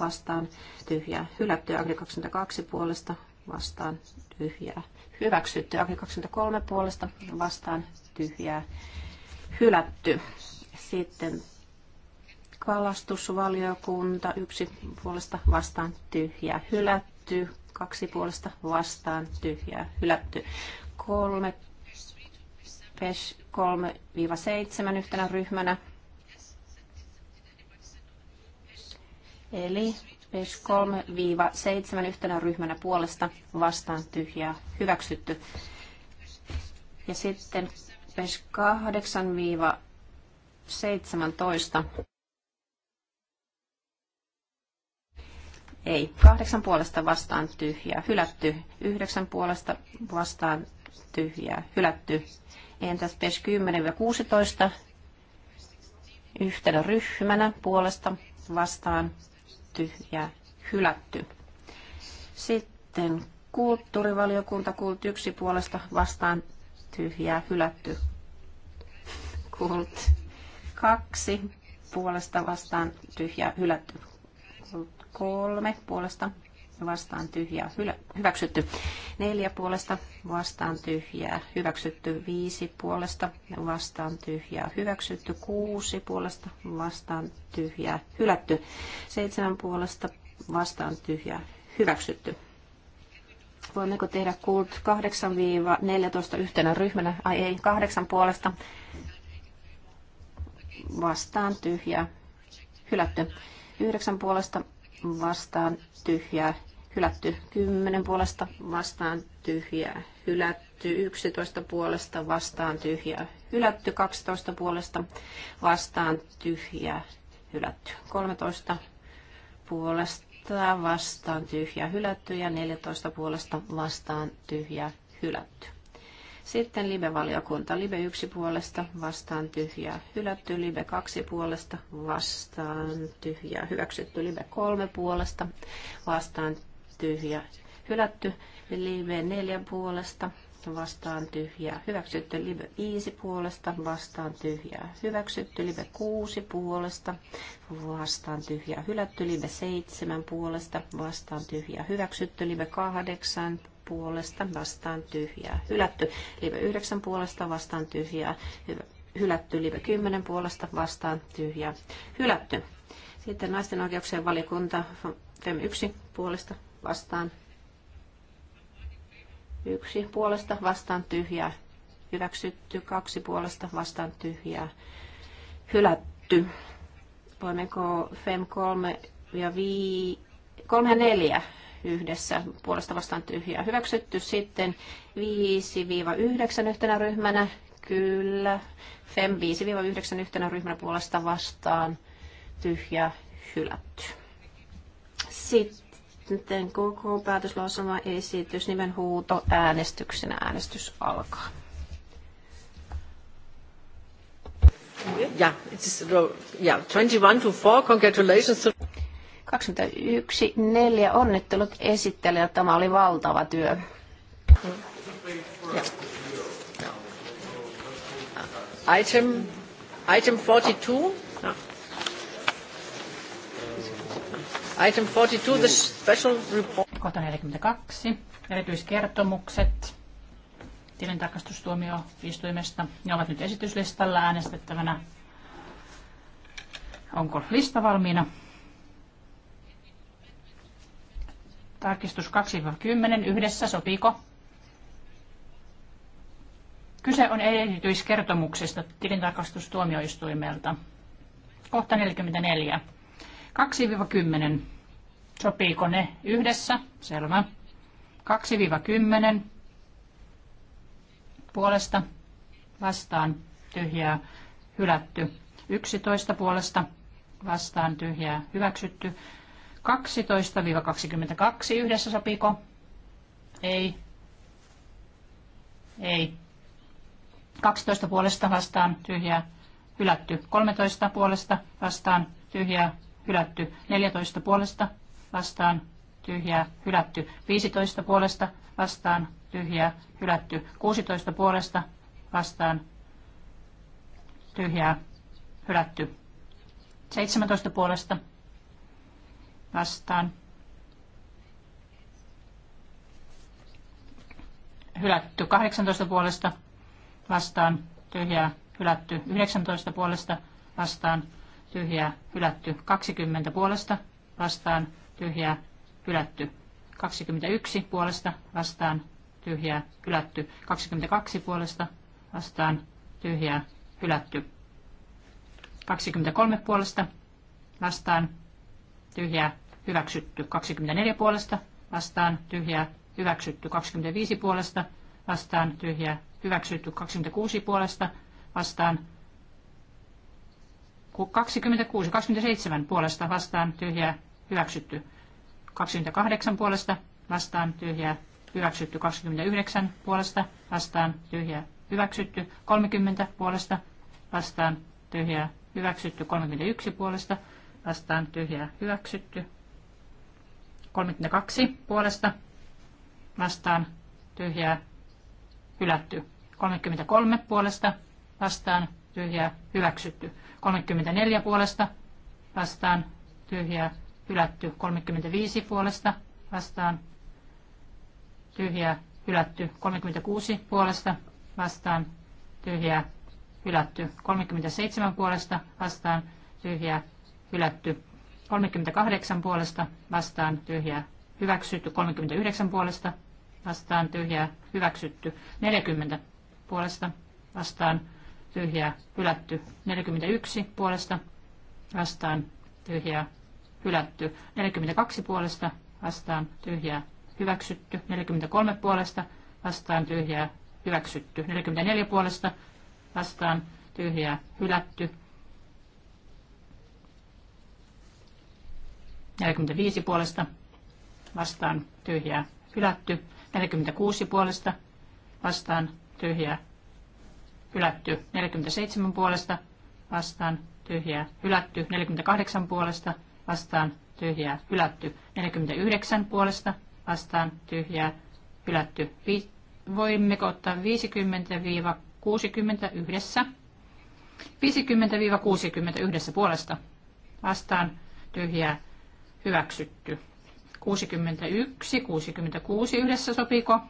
vastaan tyhjää. Hylätty. Agri 22 puolesta vastaan tyhjää. Hyväksytty. Agri 23 puolesta vastaan tyhjää. Hylätty. Sitten kalastusvaliokunta yksi puolesta vastaan tyhjää. Hylätty. Kaksi puolesta vastaan tyhjää. Hylätty. Kolme PES 3-7 yhtenä ryhmänä. Eli PES 3-7 yhtenä ryhmänä puolesta vastaan tyhjää hyväksytty. Ja sitten PES 8-17. Ei. Kahdeksan puolesta vastaan tyhjää, hylätty. Yhdeksän puolesta vastaan tyhjää, hylätty. Entäs PES 10-16? Yhtenä ryhmänä puolesta vastaan ja hylätty. Sitten kulttuurivaliokunta kult yksi puolesta vastaan tyhjää hylätty. Kult kaksi puolesta vastaan tyhjää hylätty. Kult kolme puolesta vastaan tyhjää hyväksytty. Neljä puolesta vastaan tyhjää hyväksytty. Viisi puolesta vastaan tyhjää hyväksytty. Kuusi puolesta vastaan tyhjää hylätty. Seitsemän puolesta vastaan tyhjää hyväksytty. Voimmeko tehdä kult 8-14 yhtenä ryhmänä? Ai ei, kahdeksan puolesta vastaan tyhjää hylätty. Yhdeksän puolesta vastaan tyhjää hylätty 10 puolesta vastaan tyhjää hylätty 11 puolesta vastaan tyhjää hylätty 12 puolesta vastaan tyhjää hylätty 13 puolesta vastaan tyhjää hylätty ja 14 puolesta vastaan tyhjää hylätty. Sitten live-valiokunta. Live 1 puolesta vastaan tyhjää hylätty. Live 2 puolesta vastaan tyhjää hyväksytty. Live 3 puolesta vastaan tyhjää hylätty. Live 4 puolesta vastaan tyhjää hyväksytty. Live 5 puolesta vastaan tyhjää hyväksytty. Live 6 puolesta vastaan tyhjää hylätty. Live 7 puolesta vastaan tyhjää hyväksytty. Live 8 puolesta vastaan tyhjää hylätty. Live 9 puolesta vastaan tyhjää hylätty. Live 10 puolesta vastaan tyhjää hylätty. Sitten naisten oikeuksien valiokunta FEM 1 puolesta vastaan Yksi puolesta vastaan tyhjää. Hyväksytty. Kaksi puolesta vastaan tyhjää. Hylätty. Voimmeko FEM 3 ja 5, 3 ja 4 yhdessä puolesta vastaan tyhjää hyväksytty. Sitten 5-9 yhtenä ryhmänä, kyllä. FEM 5-9 yhtenä ryhmänä puolesta vastaan tyhjä hylätty. Sitten koko päätöslausuma esitys nimen huuto äänestyksenä. Äänestys alkaa. Yeah, it's, yeah, 21 to 4. Congratulations to 21, 4 onnittelut esittelijä. Tämä oli valtava työ. Item, item 42. Item 42, the special report. Kohta 42. Erityiskertomukset tilintarkastustuomioistuimesta. Ne ovat nyt esityslistalla äänestettävänä. Onko lista valmiina? Tarkistus 2-10 yhdessä, sopiiko? Kyse on erityiskertomuksesta tilintarkastustuomioistuimelta. Kohta 44. 2-10. Sopiiko ne yhdessä? Selvä. 2-10. Puolesta vastaan tyhjää hylätty. 11 puolesta vastaan tyhjää hyväksytty. 12-22 yhdessä sopiiko? Ei. Ei. 12 puolesta vastaan tyhjää hylätty. 13 puolesta vastaan tyhjää hylätty. 14 puolesta vastaan tyhjää hylätty. 15 puolesta vastaan tyhjää hylätty. 16 puolesta vastaan tyhjää hylätty. 17 puolesta vastaan. Hylätty 18 puolesta vastaan. Tyhjää hylätty 19 puolesta vastaan. Tyhjää hylätty 20 puolesta vastaan. Tyhjää hylätty 21 puolesta vastaan. Tyhjää hylätty 22 puolesta vastaan. Tyhjää hylätty 23 puolesta vastaan tyhjää hyväksytty 24 puolesta, vastaan tyhjää, hyväksytty 25 puolesta, vastaan tyhjää, hyväksytty 26 puolesta, vastaan 26, 27 puolesta, vastaan tyhjää, hyväksytty 28 puolesta, vastaan tyhjää, hyväksytty 29 puolesta, vastaan tyhjää, hyväksytty 30 puolesta, vastaan tyhjää, hyväksytty 31 puolesta, vastaan tyhjää, hyväksytty 32 puolesta vastaan tyhjää hylätty. 33 puolesta vastaan tyhjää hyväksytty. 34 puolesta vastaan tyhjää hylätty. 35 puolesta vastaan tyhjää hylätty. 36 puolesta vastaan tyhjää hylätty. 37 puolesta vastaan tyhjää hylätty. 38 puolesta vastaan tyhjää hyväksytty, 39 puolesta vastaan tyhjää hyväksytty, 40 puolesta vastaan tyhjää hylätty, 41 puolesta vastaan tyhjää hylätty, 42 puolesta vastaan tyhjää hyväksytty, 43 puolesta vastaan tyhjää hyväksytty, 44 puolesta vastaan tyhjää hylätty, 45 puolesta vastaan tyhjää hylätty. 46 puolesta vastaan tyhjää hylätty. 47 puolesta vastaan tyhjää hylätty. 48 puolesta vastaan tyhjää hylätty. 49 puolesta vastaan tyhjää hylätty. Vi- voimmeko ottaa 50-60 yhdessä? 50-60 yhdessä puolesta vastaan tyhjää hyväksytty. 61, 66 yhdessä sopiko?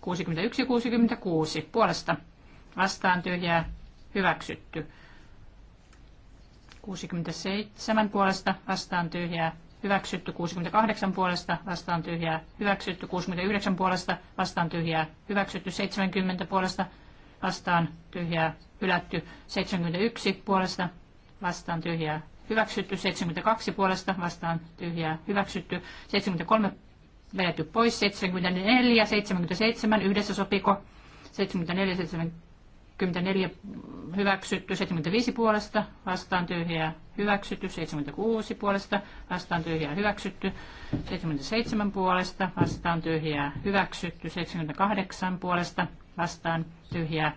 61, 66 puolesta vastaan tyhjää hyväksytty. 67 puolesta vastaan tyhjää hyväksytty 68 puolesta, vastaan tyhjää, hyväksytty 69 puolesta, vastaan tyhjää, hyväksytty 70 puolesta, vastaan tyhjää, hylätty 71 puolesta, vastaan tyhjää, hyväksytty, 72 puolesta vastaan tyhjää hyväksytty, 73 vedetty pois, 74, 77 yhdessä sopiko, 74, 74 hyväksytty, 75 puolesta vastaan tyhjää hyväksytty, 76 puolesta vastaan tyhjää hyväksytty, 77 puolesta vastaan tyhjää hyväksytty, 78 puolesta vastaan tyhjää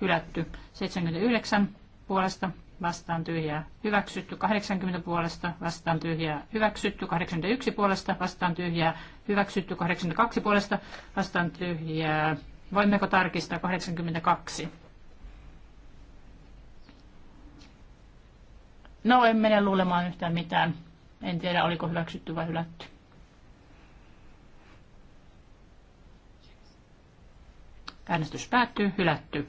hylätty, 79 puolesta vastaan tyhjää hyväksytty, 80 puolesta vastaan tyhjää hyväksytty, 81 puolesta vastaan tyhjää hyväksytty, 82 puolesta vastaan tyhjää. Voimmeko tarkistaa 82? No en mene luulemaan yhtään mitään. En tiedä oliko hyväksytty vai hylätty. Äänestys päättyy, hylätty.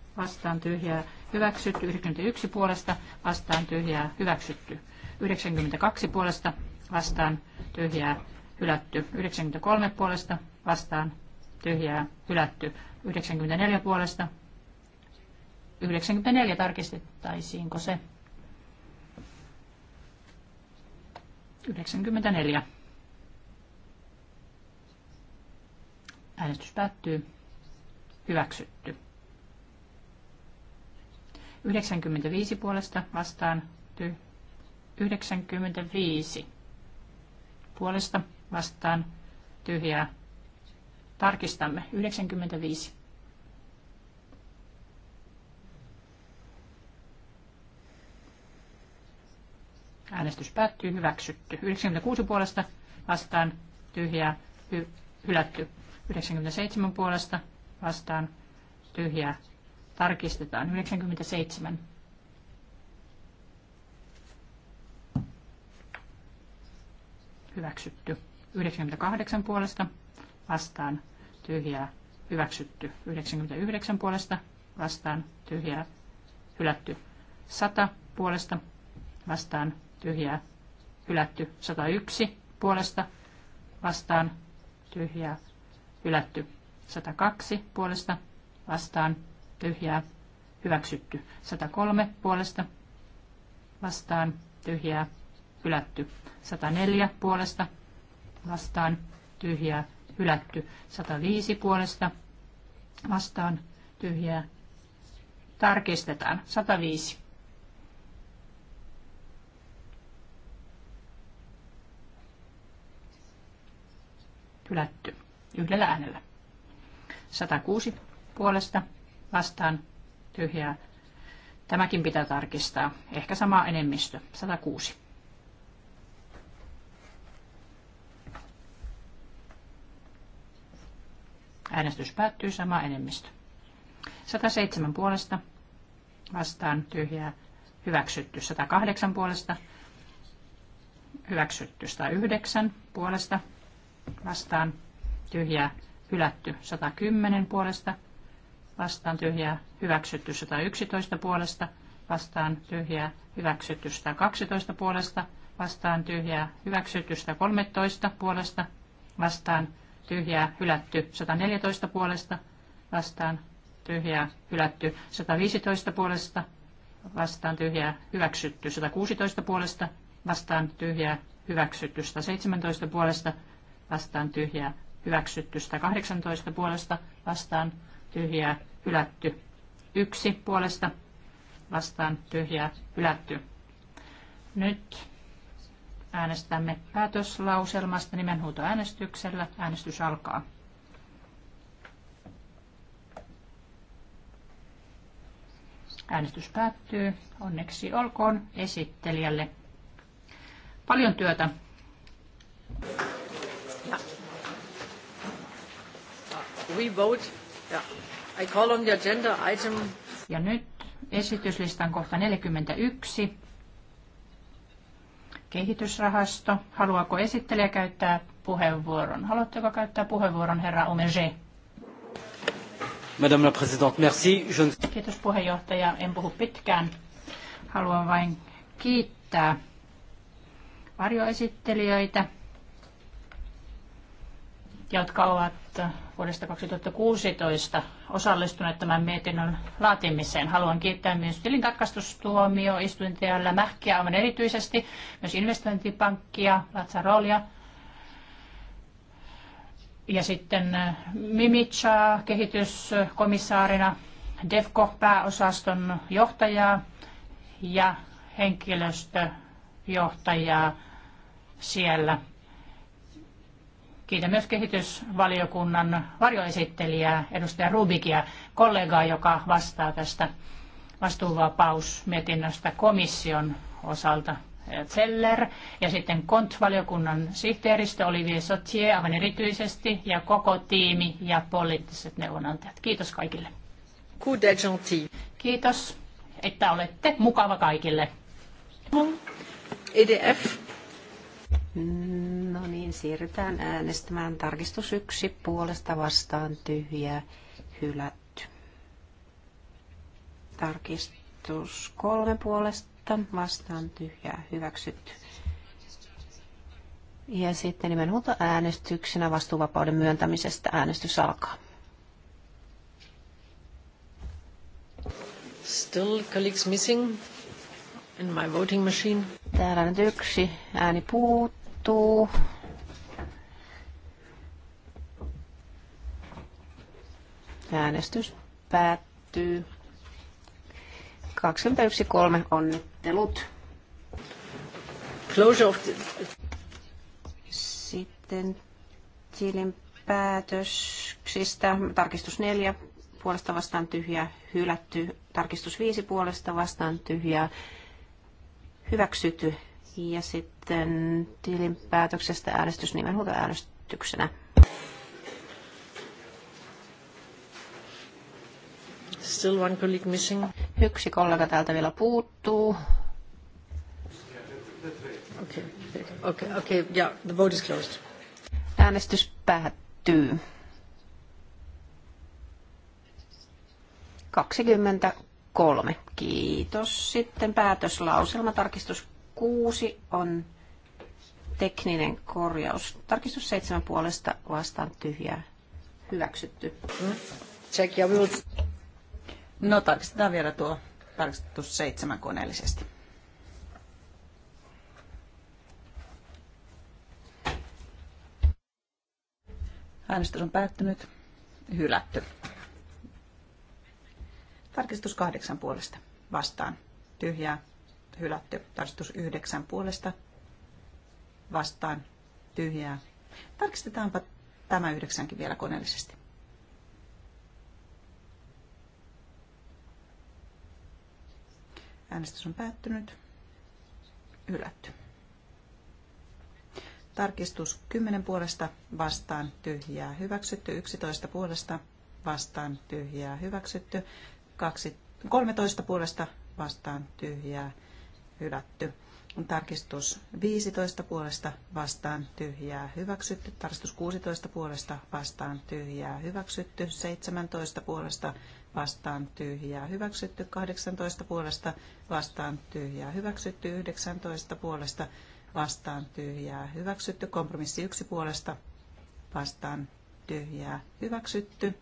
vastaan tyhjää hyväksytty, 91 puolesta vastaan tyhjää hyväksytty, 92 puolesta vastaan tyhjää hylätty, 93 puolesta vastaan tyhjää hylätty, 94 puolesta 94 tarkistettaisiinko se? 94. Äänestys päättyy. Hyväksytty. 95 puolesta vastaan ty 95 puolesta vastaan tyhjää. Tarkistamme 95. Äänestys päättyy, hyväksytty. 96 puolesta vastaan tyhjää, hy, hylätty. 97 puolesta vastaan tyhjää, Tarkistetaan. 97. Hyväksytty. 98 puolesta vastaan tyhjää. Hyväksytty. 99 puolesta vastaan tyhjää. Hylätty. 100 puolesta vastaan tyhjää. Hylätty. 101 puolesta vastaan tyhjää. Hylätty. 102 puolesta vastaan tyhjää tyhjää, hyväksytty. 103 puolesta vastaan, tyhjää, hylätty. 104 puolesta vastaan, tyhjää, hylätty. 105 puolesta vastaan, tyhjää, tarkistetaan. 105. Hylätty yhdellä äänellä. 106 puolesta vastaan tyhjää. Tämäkin pitää tarkistaa. Ehkä sama enemmistö. 106. Äänestys päättyy sama enemmistö. 107 puolesta vastaan tyhjää hyväksytty. 108 puolesta hyväksytty. 109 puolesta vastaan tyhjää hylätty. 110 puolesta vastaan tyhjää hyväksytty 111 puolesta, vastaan tyhjää hyväksytty 112 puolesta, vastaan tyhjää hyväksytty 113 puolesta, vastaan tyhjää hylätty 114 puolesta, vastaan tyhjää hylätty 115 puolesta, vastaan tyhjää hyväksytty 116 puolesta, vastaan tyhjää hyväksytty 117 puolesta, vastaan tyhjää hyväksytty 118 puolesta, vastaan tyhjää hylätty. Yksi puolesta vastaan tyhjää hylätty. Nyt äänestämme päätöslauselmasta nimenhuutoäänestyksellä. Äänestys alkaa. Äänestys päättyy. Onneksi olkoon esittelijälle. Paljon työtä. ja We vote. ja ja nyt esityslistan kohta 41. Kehitysrahasto. Haluaako esittelijä käyttää puheenvuoron? Haluatteko käyttää puheenvuoron, herra Omerje? Madame la Présidente, merci. Je... Kiitos puheenjohtaja. En puhu pitkään. Haluan vain kiittää varjoesittelijöitä jotka ovat vuodesta 2016 osallistuneet tämän mietinnön laatimiseen. Haluan kiittää myös tilintarkastustuomioistuinta ja Mähkiä aivan erityisesti, myös investointipankkia, Latsarolia ja sitten eh, Mimitsaa kehityskomissaarina, DEFCO-pääosaston johtajaa ja henkilöstöjohtajaa siellä – Kiitän myös kehitysvaliokunnan varjoesittelijää, edustaja Rubikia, kollegaa, joka vastaa tästä vastuuvapausmietinnöstä komission osalta. Zeller ja sitten KONT-valiokunnan sihteeristö Olivier Sotier aivan erityisesti ja koko tiimi ja poliittiset neuvonantajat. Kiitos kaikille. Kiitos, että olette mukava kaikille. EDF Mm, no niin, siirrytään äänestämään. Tarkistus yksi puolesta vastaan tyhjä hylätty. Tarkistus kolme puolesta vastaan tyhjä hyväksytty. Ja sitten nimenhuolto äänestyksenä vastuuvapauden myöntämisestä äänestys alkaa. Still colleagues missing in my voting machine. Täällä nyt yksi ääni puut tapahtuu. Äänestys päättyy. 21.3. Onnittelut. Closure of the... Sitten tilin päätöksistä. Tarkistus 4 puolesta vastaan tyhjä, hylätty. Tarkistus 5 puolesta vastaan tyhjä, hyväksytty. Ja sitten sitten tilinpäätöksestä äänestys äänestyksenä. Still one colleague missing. Yksi kollega täältä vielä puuttuu. Okay, okay, okay, yeah, the vote is closed. Äänestys päättyy. 23. Kiitos. Sitten päätöslauselma tarkistus 6 on tekninen korjaus. Tarkistus 7 puolesta vastaan tyhjää. Hyväksytty. Check your rules. No tarkistetaan vielä tuo tarkistus 7 koneellisesti. Äänestys on päättynyt. Hylätty. Tarkistus kahdeksan puolesta. Vastaan. Tyhjää hylätty. Tarkistus 9 puolesta vastaan tyhjää. Tarkistetaanpa tämä yhdeksänkin vielä koneellisesti. Äänestys on päättynyt. Hylätty. Tarkistus 10 puolesta vastaan tyhjää hyväksytty. 11 puolesta vastaan tyhjää hyväksytty. 12, 13 puolesta vastaan tyhjää hyväksytty hylätty. Tarkistus 15 puolesta vastaan tyhjää hyväksytty. Tarkistus 16 puolesta vastaan tyhjää hyväksytty. 17 puolesta vastaan tyhjää hyväksytty. 18 puolesta vastaan tyhjää hyväksytty. 19 puolesta vastaan tyhjää hyväksytty. Kompromissi 1 puolesta vastaan tyhjää hyväksytty.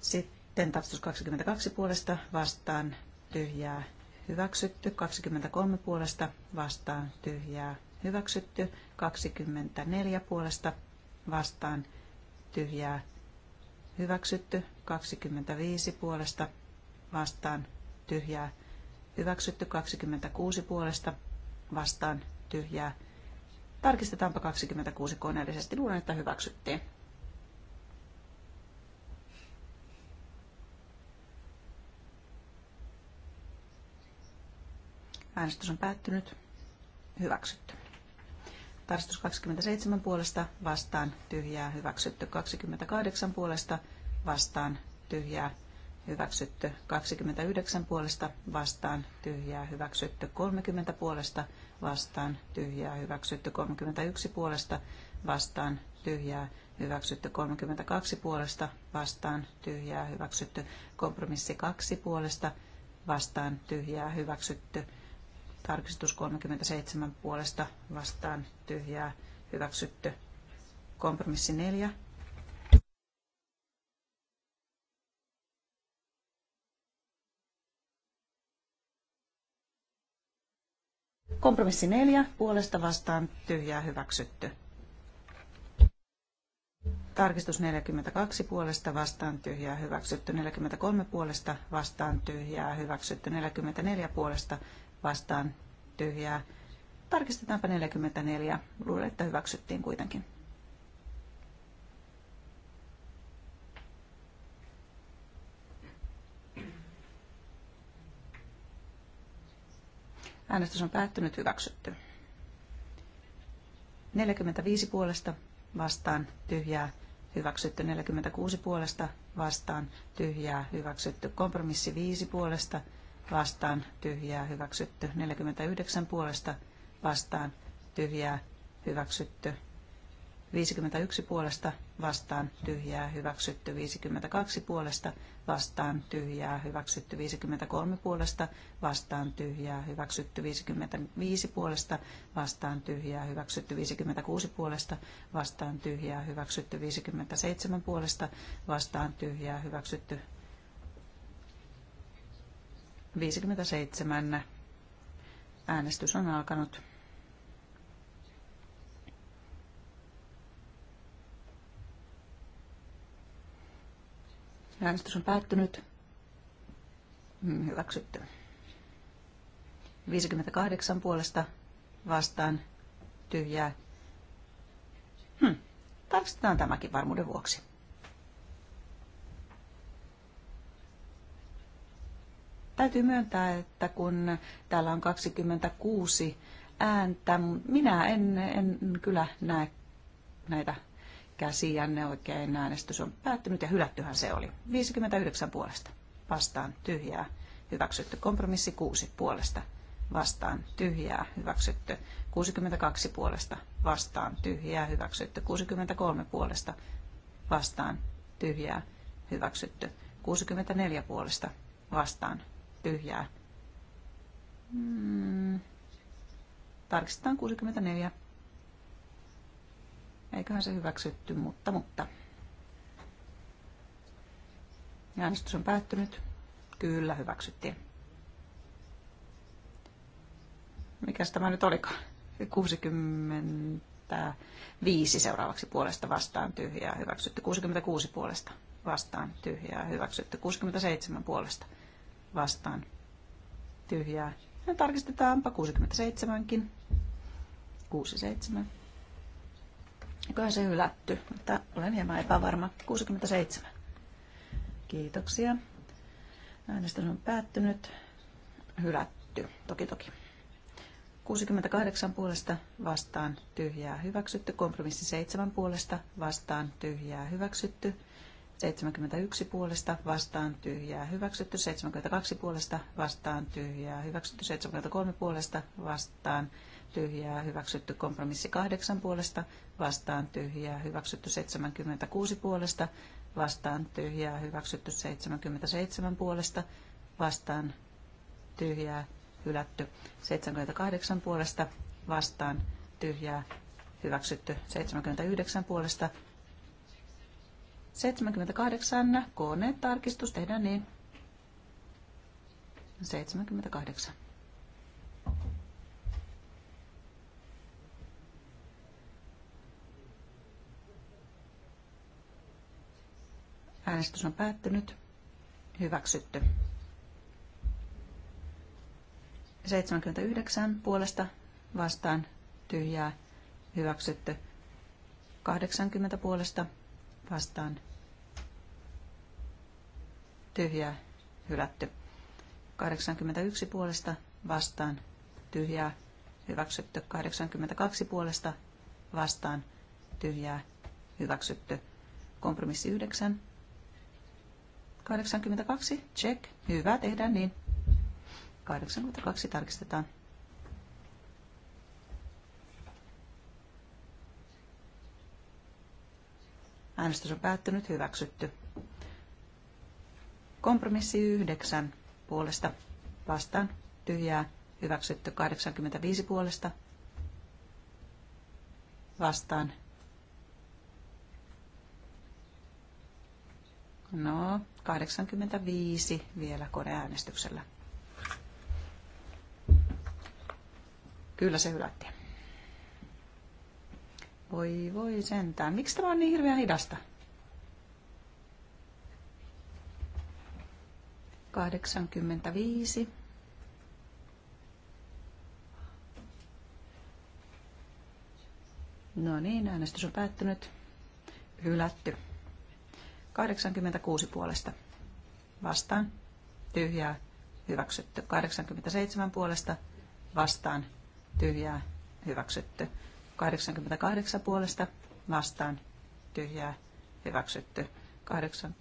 Sitten tarkistus 22 puolesta vastaan tyhjää hyväksytty, 23 puolesta vastaan tyhjää hyväksytty, 24 puolesta vastaan tyhjää hyväksytty, 25 puolesta vastaan tyhjää hyväksytty, 26 puolesta vastaan tyhjää. Tarkistetaanpa 26 koneellisesti. Luulen, että hyväksyttiin. Äänestys on päättynyt. Hyväksytty. Tarkistus 27 puolesta vastaan tyhjää hyväksytty. 28 puolesta vastaan tyhjää hyväksytty. 29 puolesta vastaan tyhjää hyväksytty. 30 puolesta vastaan tyhjää hyväksytty. 31 puolesta vastaan tyhjää hyväksytty. 32 puolesta vastaan tyhjää hyväksytty. Kompromissi 2 puolesta vastaan tyhjää hyväksytty. Tarkistus 37 puolesta vastaan tyhjää hyväksytty. Kompromissi 4 Kompromissi neljä, puolesta vastaan tyhjää hyväksytty. Tarkistus 42 puolesta vastaan tyhjää hyväksytty, 43 puolesta vastaan tyhjää hyväksytty, 44 puolesta vastaan tyhjää. Tarkistetaanpa 44. Luulen, että hyväksyttiin kuitenkin. Äänestys on päättynyt, hyväksytty. 45 puolesta vastaan tyhjää, hyväksytty. 46 puolesta vastaan tyhjää, hyväksytty. Kompromissi 5 puolesta vastaan tyhjää hyväksytty. 49 puolesta vastaan tyhjää hyväksytty. 51 puolesta vastaan tyhjää hyväksytty 52 puolesta vastaan tyhjää hyväksytty 53 puolesta vastaan tyhjää hyväksytty 55 puolesta vastaan tyhjää hyväksytty 56 puolesta vastaan tyhjää hyväksytty 57 puolesta vastaan tyhjää hyväksytty 57. Äänestys on alkanut. Äänestys on päättynyt. Mm, hyväksytty. 58 puolesta vastaan tyhjää. Hmm. Tarkistetaan tämäkin varmuuden vuoksi. Täytyy myöntää, että kun täällä on 26 ääntä, minä en, en kyllä näe näitä käsiänne oikein. Äänestys on päättynyt ja hylättyhän se oli. 59 puolesta vastaan tyhjää hyväksytty. Kompromissi 6 puolesta vastaan tyhjää hyväksytty. 62 puolesta vastaan tyhjää hyväksytty. 63 puolesta vastaan tyhjää hyväksytty. 64 puolesta vastaan tyhjää. Mm. Tarkistetaan 64. Eiköhän se hyväksytty, mutta, mutta. Äänestys on päättynyt. Kyllä, hyväksyttiin. Mikäs tämä nyt olikaan? 65 seuraavaksi puolesta vastaan tyhjää hyväksytty. 66 puolesta vastaan tyhjää hyväksytty. 67 puolesta vastaan tyhjää. Ja tarkistetaanpa 67kin. 67. Eiköhän se hylätty, mutta olen hieman epävarma. 67. Kiitoksia. Äänestys on päättynyt. Hylätty. Toki toki. 68 puolesta vastaan tyhjää hyväksytty. Kompromissi 7 puolesta vastaan tyhjää hyväksytty. 71 puolesta vastaan tyhjää hyväksytty, 72 puolesta vastaan tyhjää hyväksytty, 73 puolesta vastaan tyhjää hyväksytty, kompromissi 8 puolesta vastaan tyhjää hyväksytty, 76 puolesta vastaan tyhjää hyväksytty, 77 puolesta vastaan tyhjää hylätty, 78 puolesta vastaan tyhjää hyväksytty, 79 puolesta 78. Koneen tarkistus tehdään niin. 78. Äänestys on päättynyt. Hyväksytty. 79 puolesta vastaan tyhjää hyväksytty. 80 puolesta vastaan tyhjää hylätty. 81 puolesta vastaan tyhjää hyväksytty. 82 puolesta vastaan tyhjää hyväksytty. Kompromissi 9. 82, check. Hyvä, tehdään niin. 82 tarkistetaan. Äänestys on päättynyt, hyväksytty. Kompromissi 9 puolesta vastaan tyhjää, hyväksytty 85 puolesta vastaan. No, 85 vielä koneäänestyksellä. Kyllä se hylättiin. Voi voi sentään. Miksi tämä on niin hirveän hidasta? 85. No niin, äänestys on päättynyt. Hylätty. 86 puolesta. Vastaan. Tyhjää. Hyväksytty. 87 puolesta. Vastaan. Tyhjää. Hyväksytty. 88 puolesta vastaan tyhjää hyväksytty. 8.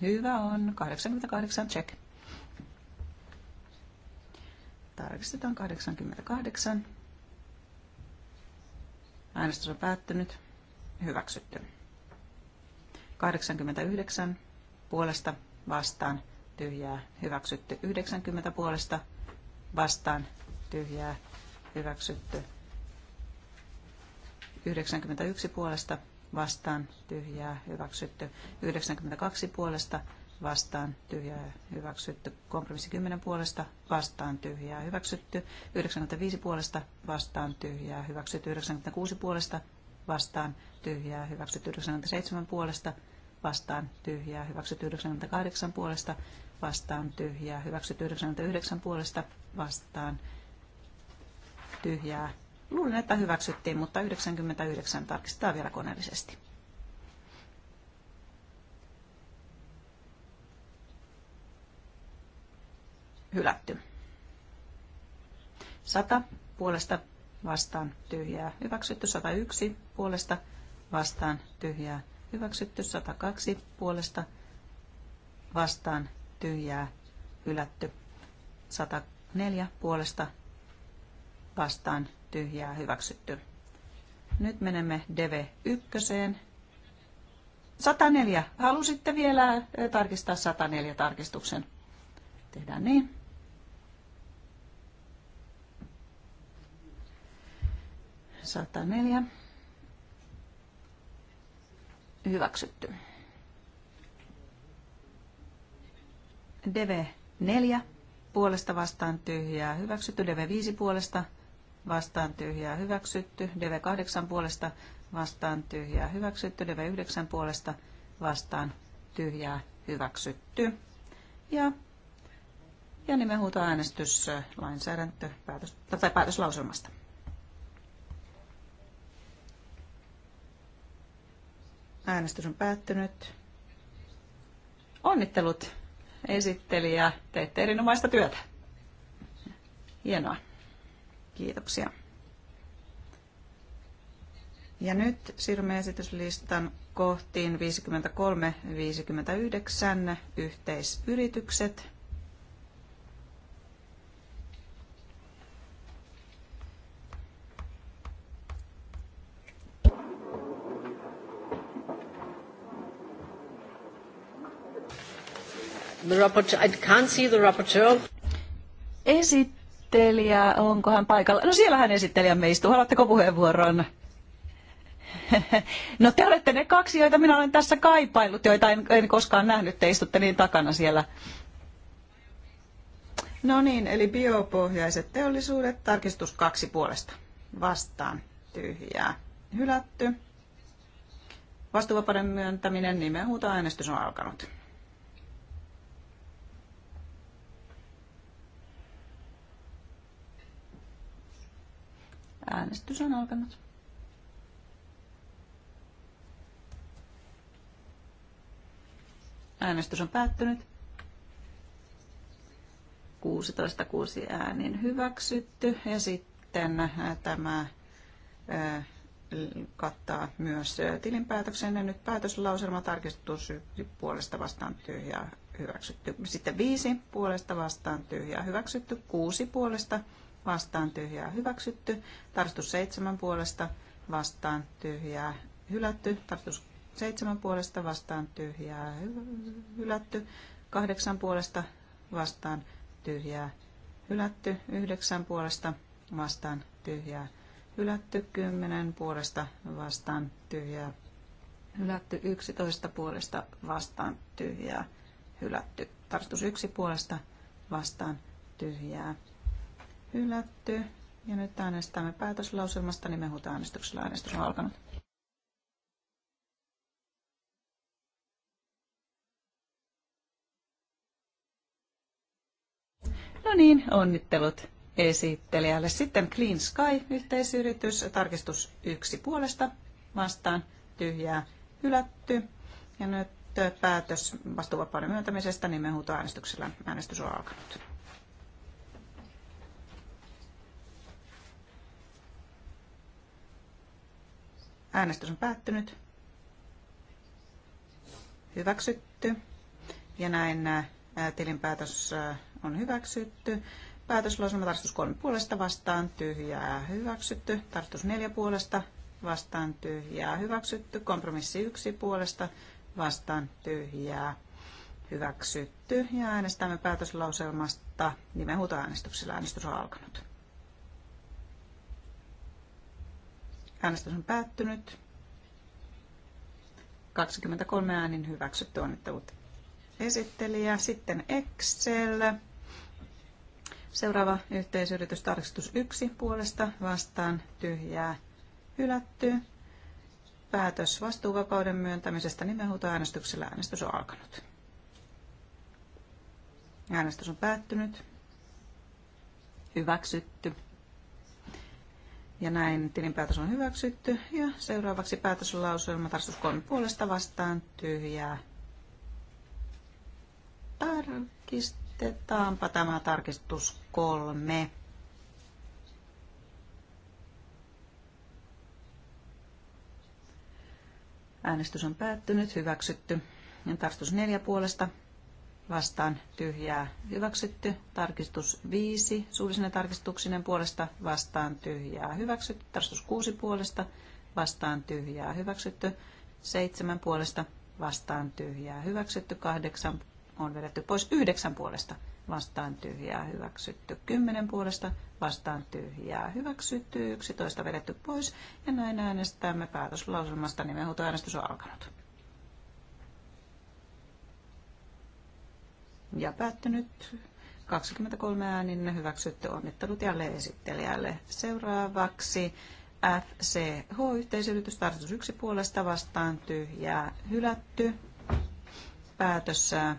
Hyvä on. 88 check. Tarkistetaan 88. Äänestys on päättynyt. Hyväksytty. 89 puolesta vastaan tyhjää hyväksytty. 90 puolesta vastaan tyhjää hyväksytty. 91 puolesta vastaan tyhjää hyväksytty. 92 puolesta vastaan tyhjää hyväksytty. Kompromissi 10 puolesta vastaan tyhjää hyväksytty. 95 puolesta vastaan tyhjää hyväksytty. 96 puolesta vastaan tyhjää hyväksytty. 97 puolesta vastaan tyhjää hyväksytty. 98 puolesta vastaan tyhjää hyväksytty. 99 puolesta vastaan tyhjää Luulen, että hyväksyttiin, mutta 99 tarkistetaan vielä koneellisesti. Hylätty. 100 puolesta vastaan tyhjää hyväksytty, 101 puolesta vastaan tyhjää hyväksytty, 102 puolesta vastaan tyhjää hylätty, 104 puolesta vastaan tyhjää hyväksytty. Nyt menemme DV1. 104. Halusitte vielä äh, tarkistaa 104 tarkistuksen. Tehdään niin. Sata neljä. Hyväksytty. DV 4 puolesta vastaan tyhjää. Hyväksytty DV 5 puolesta vastaan tyhjää hyväksytty, DV8 puolesta vastaan tyhjää hyväksytty, DV9 puolesta vastaan tyhjää hyväksytty. Ja, ja äänestys äh, lainsäädäntö päätös, tai päätöslauselmasta. Äänestys on päättynyt. Onnittelut esittelijä, teette erinomaista työtä. Hienoa. Kiitoksia. Ja nyt siirrymme esityslistan kohtiin 53-59 yhteisyritykset. The rapporteur, I can't see the rapporteur. Esit esittelijä, onko hän paikalla? No siellähän esittelijämme istuu, haluatteko puheenvuoron? No te olette ne kaksi, joita minä olen tässä kaipaillut, joita en, en koskaan nähnyt, te istutte niin takana siellä. No niin, eli biopohjaiset teollisuudet, tarkistus kaksi puolesta. Vastaan, tyhjää, hylätty. Vastuvapauden myöntäminen, nimenhuuta äänestys on alkanut. Äänestys on alkanut. Äänestys on päättynyt. 16.6 äänin hyväksytty ja sitten tämä kattaa myös tilinpäätöksen ja nyt päätöslauselma tarkistettu puolesta vastaan tyhjää hyväksytty. Sitten viisi puolesta vastaan tyhjää hyväksytty, kuusi puolesta vastaan tyhjää hyväksytty. Tarkistus 7 puolesta vastaan tyhjää hylätty. Tarkistus 7 puolesta vastaan tyhjää hylätty. 8 puolesta vastaan tyhjää hylätty. 9 puolesta vastaan tyhjää hylätty. 10 puolesta vastaan tyhjää hylätty. 11 puolesta vastaan tyhjää hylätty. Tarkistus 1 puolesta vastaan tyhjää hylätty. Ja nyt äänestämme päätöslauselmasta nimenhuuta äänestyksellä. Äänestys on alkanut. No niin, onnittelut esittelijälle. Sitten Clean Sky, yhteisyritys, tarkistus yksi puolesta, vastaan tyhjää hylätty. Ja nyt päätös vastuuvapauden myöntämisestä äänestyksellä. Äänestys on alkanut. Äänestys on päättynyt. Hyväksytty. Ja näin äh, tilinpäätös äh, on hyväksytty. Päätöslausuma tarkistus kolme puolesta vastaan tyhjää hyväksytty. Tarkistus neljä puolesta vastaan tyhjää hyväksytty. Kompromissi yksi puolesta vastaan tyhjää hyväksytty. Ja äänestämme päätöslauselmasta nimenhuutoäänestyksellä. Äänestys on alkanut. Äänestys on päättynyt. 23 äänin hyväksytty onnittelut esittelijä. Sitten Excel. Seuraava yhteisyritys tarkistus 1 puolesta vastaan tyhjää hylätty. Päätös vastuuvapauden myöntämisestä nimenhuutoäänestyksellä äänestys on alkanut. Äänestys on päättynyt. Hyväksytty. Ja näin tilinpäätös on hyväksytty. Ja seuraavaksi päätöslauselma tarkastus 3 puolesta vastaan tyhjää. Tarkistetaanpa tämä tarkistus kolme. Äänestys on päättynyt, hyväksytty. Ja tarkistus neljä puolesta vastaan tyhjää hyväksytty. Tarkistus 5 suullisena tarkistuksinen puolesta vastaan tyhjää hyväksytty. Tarkistus 6 puolesta vastaan tyhjää hyväksytty. 7 puolesta vastaan tyhjää hyväksytty. 8 on vedetty pois. 9 puolesta vastaan tyhjää hyväksytty. 10 puolesta vastaan tyhjää hyväksytty. 11 vedetty pois. Ja näin äänestämme päätöslauselmasta. Nimenhuutoäänestys on alkanut. ja päättynyt 23 äänin hyväksytty onnittelut jälleen esittelijälle. Seuraavaksi FCH yhteisyritys tarkoitus yksi puolesta vastaan tyhjää hylätty. Päätös äh,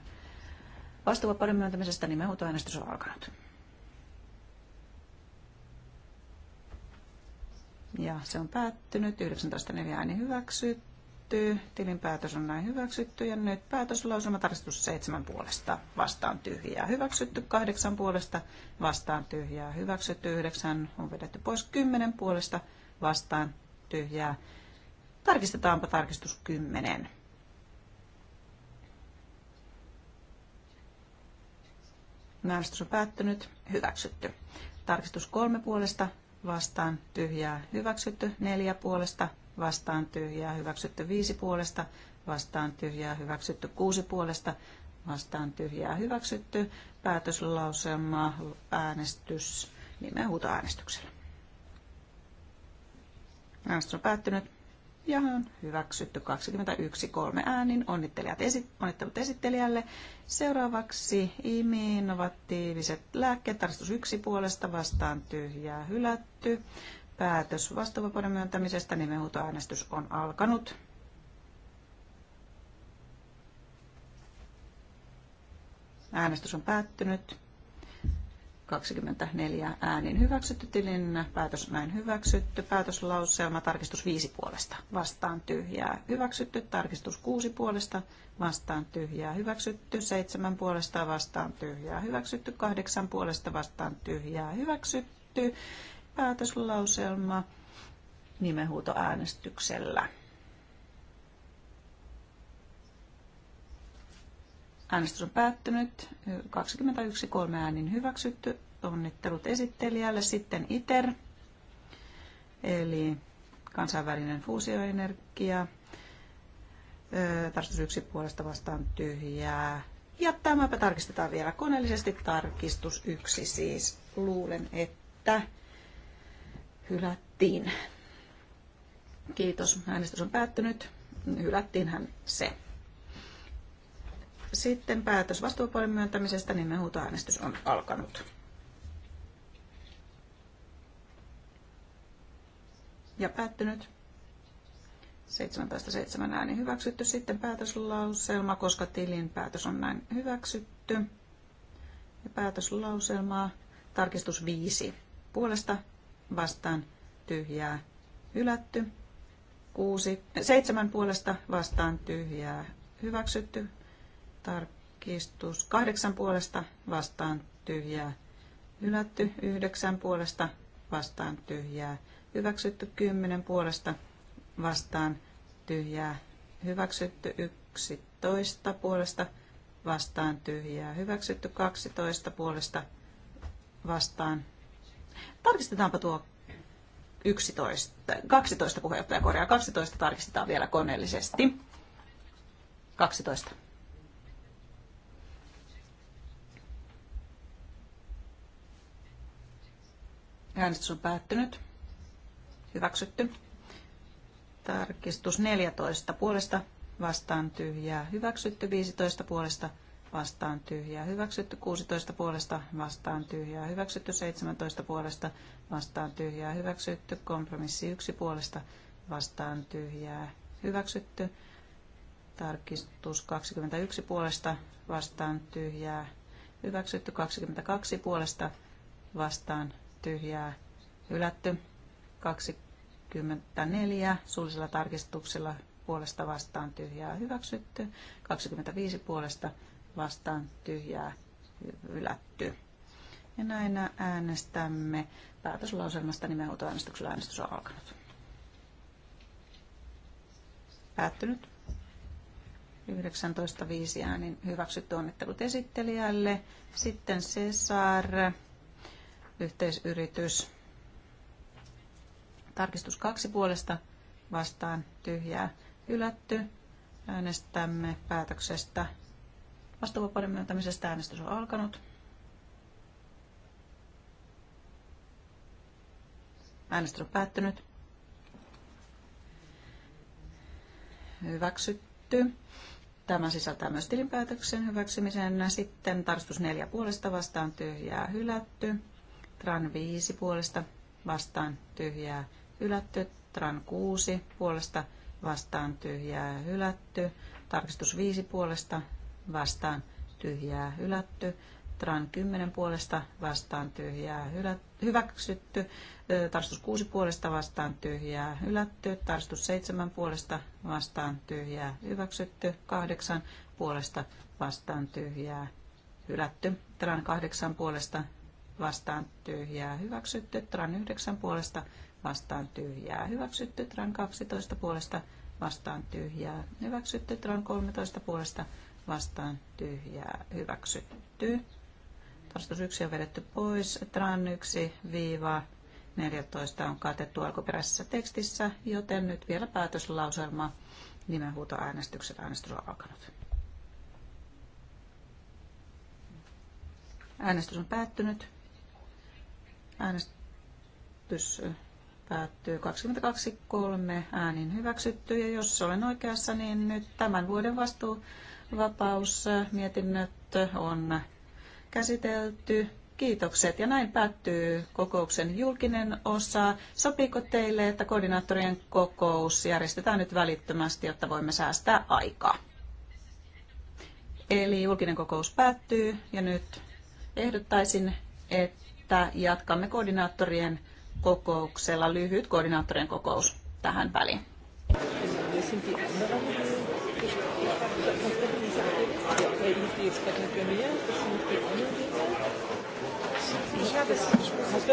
vastuuvapauden myöntämisestä nimenhuutoäänestys on alkanut. Ja se on päättynyt. 19.4 ääni hyväksytty hyväksyttyy. Tilinpäätös on näin hyväksytty ja nyt päätöslausuma tarkistus 7 puolesta vastaan tyhjää hyväksytty, 8 puolesta vastaan tyhjää hyväksytty, 9 on vedetty pois, 10 puolesta vastaan tyhjää. Tarkistetaanpa tarkistus 10. Äänestys on päättynyt, hyväksytty. Tarkistus 3 puolesta vastaan tyhjää hyväksytty, 4 puolesta vastaan tyhjää, hyväksytty viisi puolesta, vastaan tyhjää, hyväksytty kuusi puolesta, vastaan tyhjää, hyväksytty päätöslauselma, äänestys, nimenhuutoäänestyksellä. Äänestys on päättynyt ja on hyväksytty kolme äänin. Onnittelijat esi- onnittelut esittelijälle. Seuraavaksi IMI, innovatiiviset lääkkeet, tarkistus yksi puolesta vastaan tyhjää hylätty. Päätös vastuuvapauden myöntämisestä nimenhuutoäänestys on alkanut. Äänestys on päättynyt. 24 äänin hyväksytty tilin, päätös näin hyväksytty, päätöslauselma, tarkistus 5 puolesta, vastaan tyhjää hyväksytty, tarkistus 6 puolesta, vastaan tyhjää hyväksytty, 7 puolesta, vastaan tyhjää hyväksytty, 8 puolesta, vastaan tyhjää hyväksytty, päätöslauselma nimenhuutoäänestyksellä. Äänestys on päättynyt. 21 kolme äänin hyväksytty. Onnittelut esittelijälle. Sitten ITER, eli kansainvälinen fuusioenergia. Tarkistus yksi puolesta vastaan tyhjää. Ja tämäpä tarkistetaan vielä koneellisesti. Tarkistus yksi siis. Luulen, että hylättiin. Kiitos. Äänestys on päättynyt. Hylättiinhän se. Sitten päätös vastuupuolen myöntämisestä, niin äänestys on alkanut. Ja päättynyt. 17.7 ääni hyväksytty. Sitten päätöslauselma, koska tilin päätös on näin hyväksytty. Ja päätöslauselmaa, tarkistus 5. Puolesta vastaan tyhjää hylätty. 6, 7 puolesta vastaan tyhjää hyväksytty. Tarkistus 8 puolesta vastaan tyhjää hylätty. 9 puolesta vastaan tyhjää hyväksytty. 10 puolesta vastaan tyhjää hyväksytty. 11 puolesta vastaan tyhjää hyväksytty. 12 puolesta vastaan Tarkistetaanpa tuo 11, 12 puheenjohtaja korjaa. 12 tarkistetaan vielä koneellisesti. 12. Äänestys on päättynyt. Hyväksytty. Tarkistus 14 puolesta vastaan tyhjää. Hyväksytty 15 puolesta vastaan tyhjää hyväksytty, 16 puolesta vastaan tyhjää hyväksytty, 17 puolesta vastaan tyhjää hyväksytty, kompromissi 1 puolesta vastaan tyhjää hyväksytty, tarkistus 21 puolesta vastaan tyhjää hyväksytty, 22 puolesta vastaan tyhjää hylätty, 24 suullisella tarkistuksella puolesta vastaan tyhjää hyväksytty, 25 puolesta vastaan tyhjää ylätty Ja näin äänestämme päätöslauselmasta nimenhuutoäänestyksellä äänestys on alkanut. Päättynyt. 19.5 äänin hyväksytty onnittelut esittelijälle. Sitten Cesar, yhteisyritys. Tarkistus kaksi puolesta vastaan tyhjää ylätty Äänestämme päätöksestä vastavapauden myöntämisestä äänestys on alkanut. Äänestys on päättynyt. Hyväksytty. Tämä sisältää myös tilinpäätöksen hyväksymisen. Sitten tarkistus 4 puolesta vastaan tyhjää hylätty. Tran 5 puolesta vastaan tyhjää hylätty. Tran 6 puolesta vastaan tyhjää hylätty. Tarkistus 5 puolesta vastaan tyhjää hylätty. Tran 10 puolesta vastaan tyhjää hyväksytty. Tarstus 6 puolesta vastaan tyhjää hylätty. Tarstus 7 puolesta vastaan tyhjää hyväksytty. 8 puolesta vastaan tyhjää hylätty. Tran 8 puolesta vastaan tyhjää hyväksytty. Tran 9 puolesta vastaan tyhjää hyväksytty. Tran 12 puolesta vastaan tyhjää hyväksytty. Tran 13 puolesta vastaan tyhjää vastaan tyhjää hyväksytty. Tarkastus 1 on vedetty pois. Tran 1 viiva 14 on katettu alkuperäisessä tekstissä, joten nyt vielä päätöslauselma nimenhuutoäänestyksen äänestys on alkanut. Äänestys on päättynyt. Äänestys päättyy 22.3 äänin hyväksytty ja jos olen oikeassa, niin nyt tämän vuoden vastuu vapausmietinnöt on käsitelty. Kiitokset. Ja näin päättyy kokouksen julkinen osa. Sopiiko teille, että koordinaattorien kokous järjestetään nyt välittömästi, jotta voimme säästää aikaa? Eli julkinen kokous päättyy ja nyt ehdottaisin, että jatkamme koordinaattorien kokouksella lyhyt koordinaattorien kokous tähän väliin. Aber ich muss die jetzt gerade nicht bei mir, das sind die habe es. Hast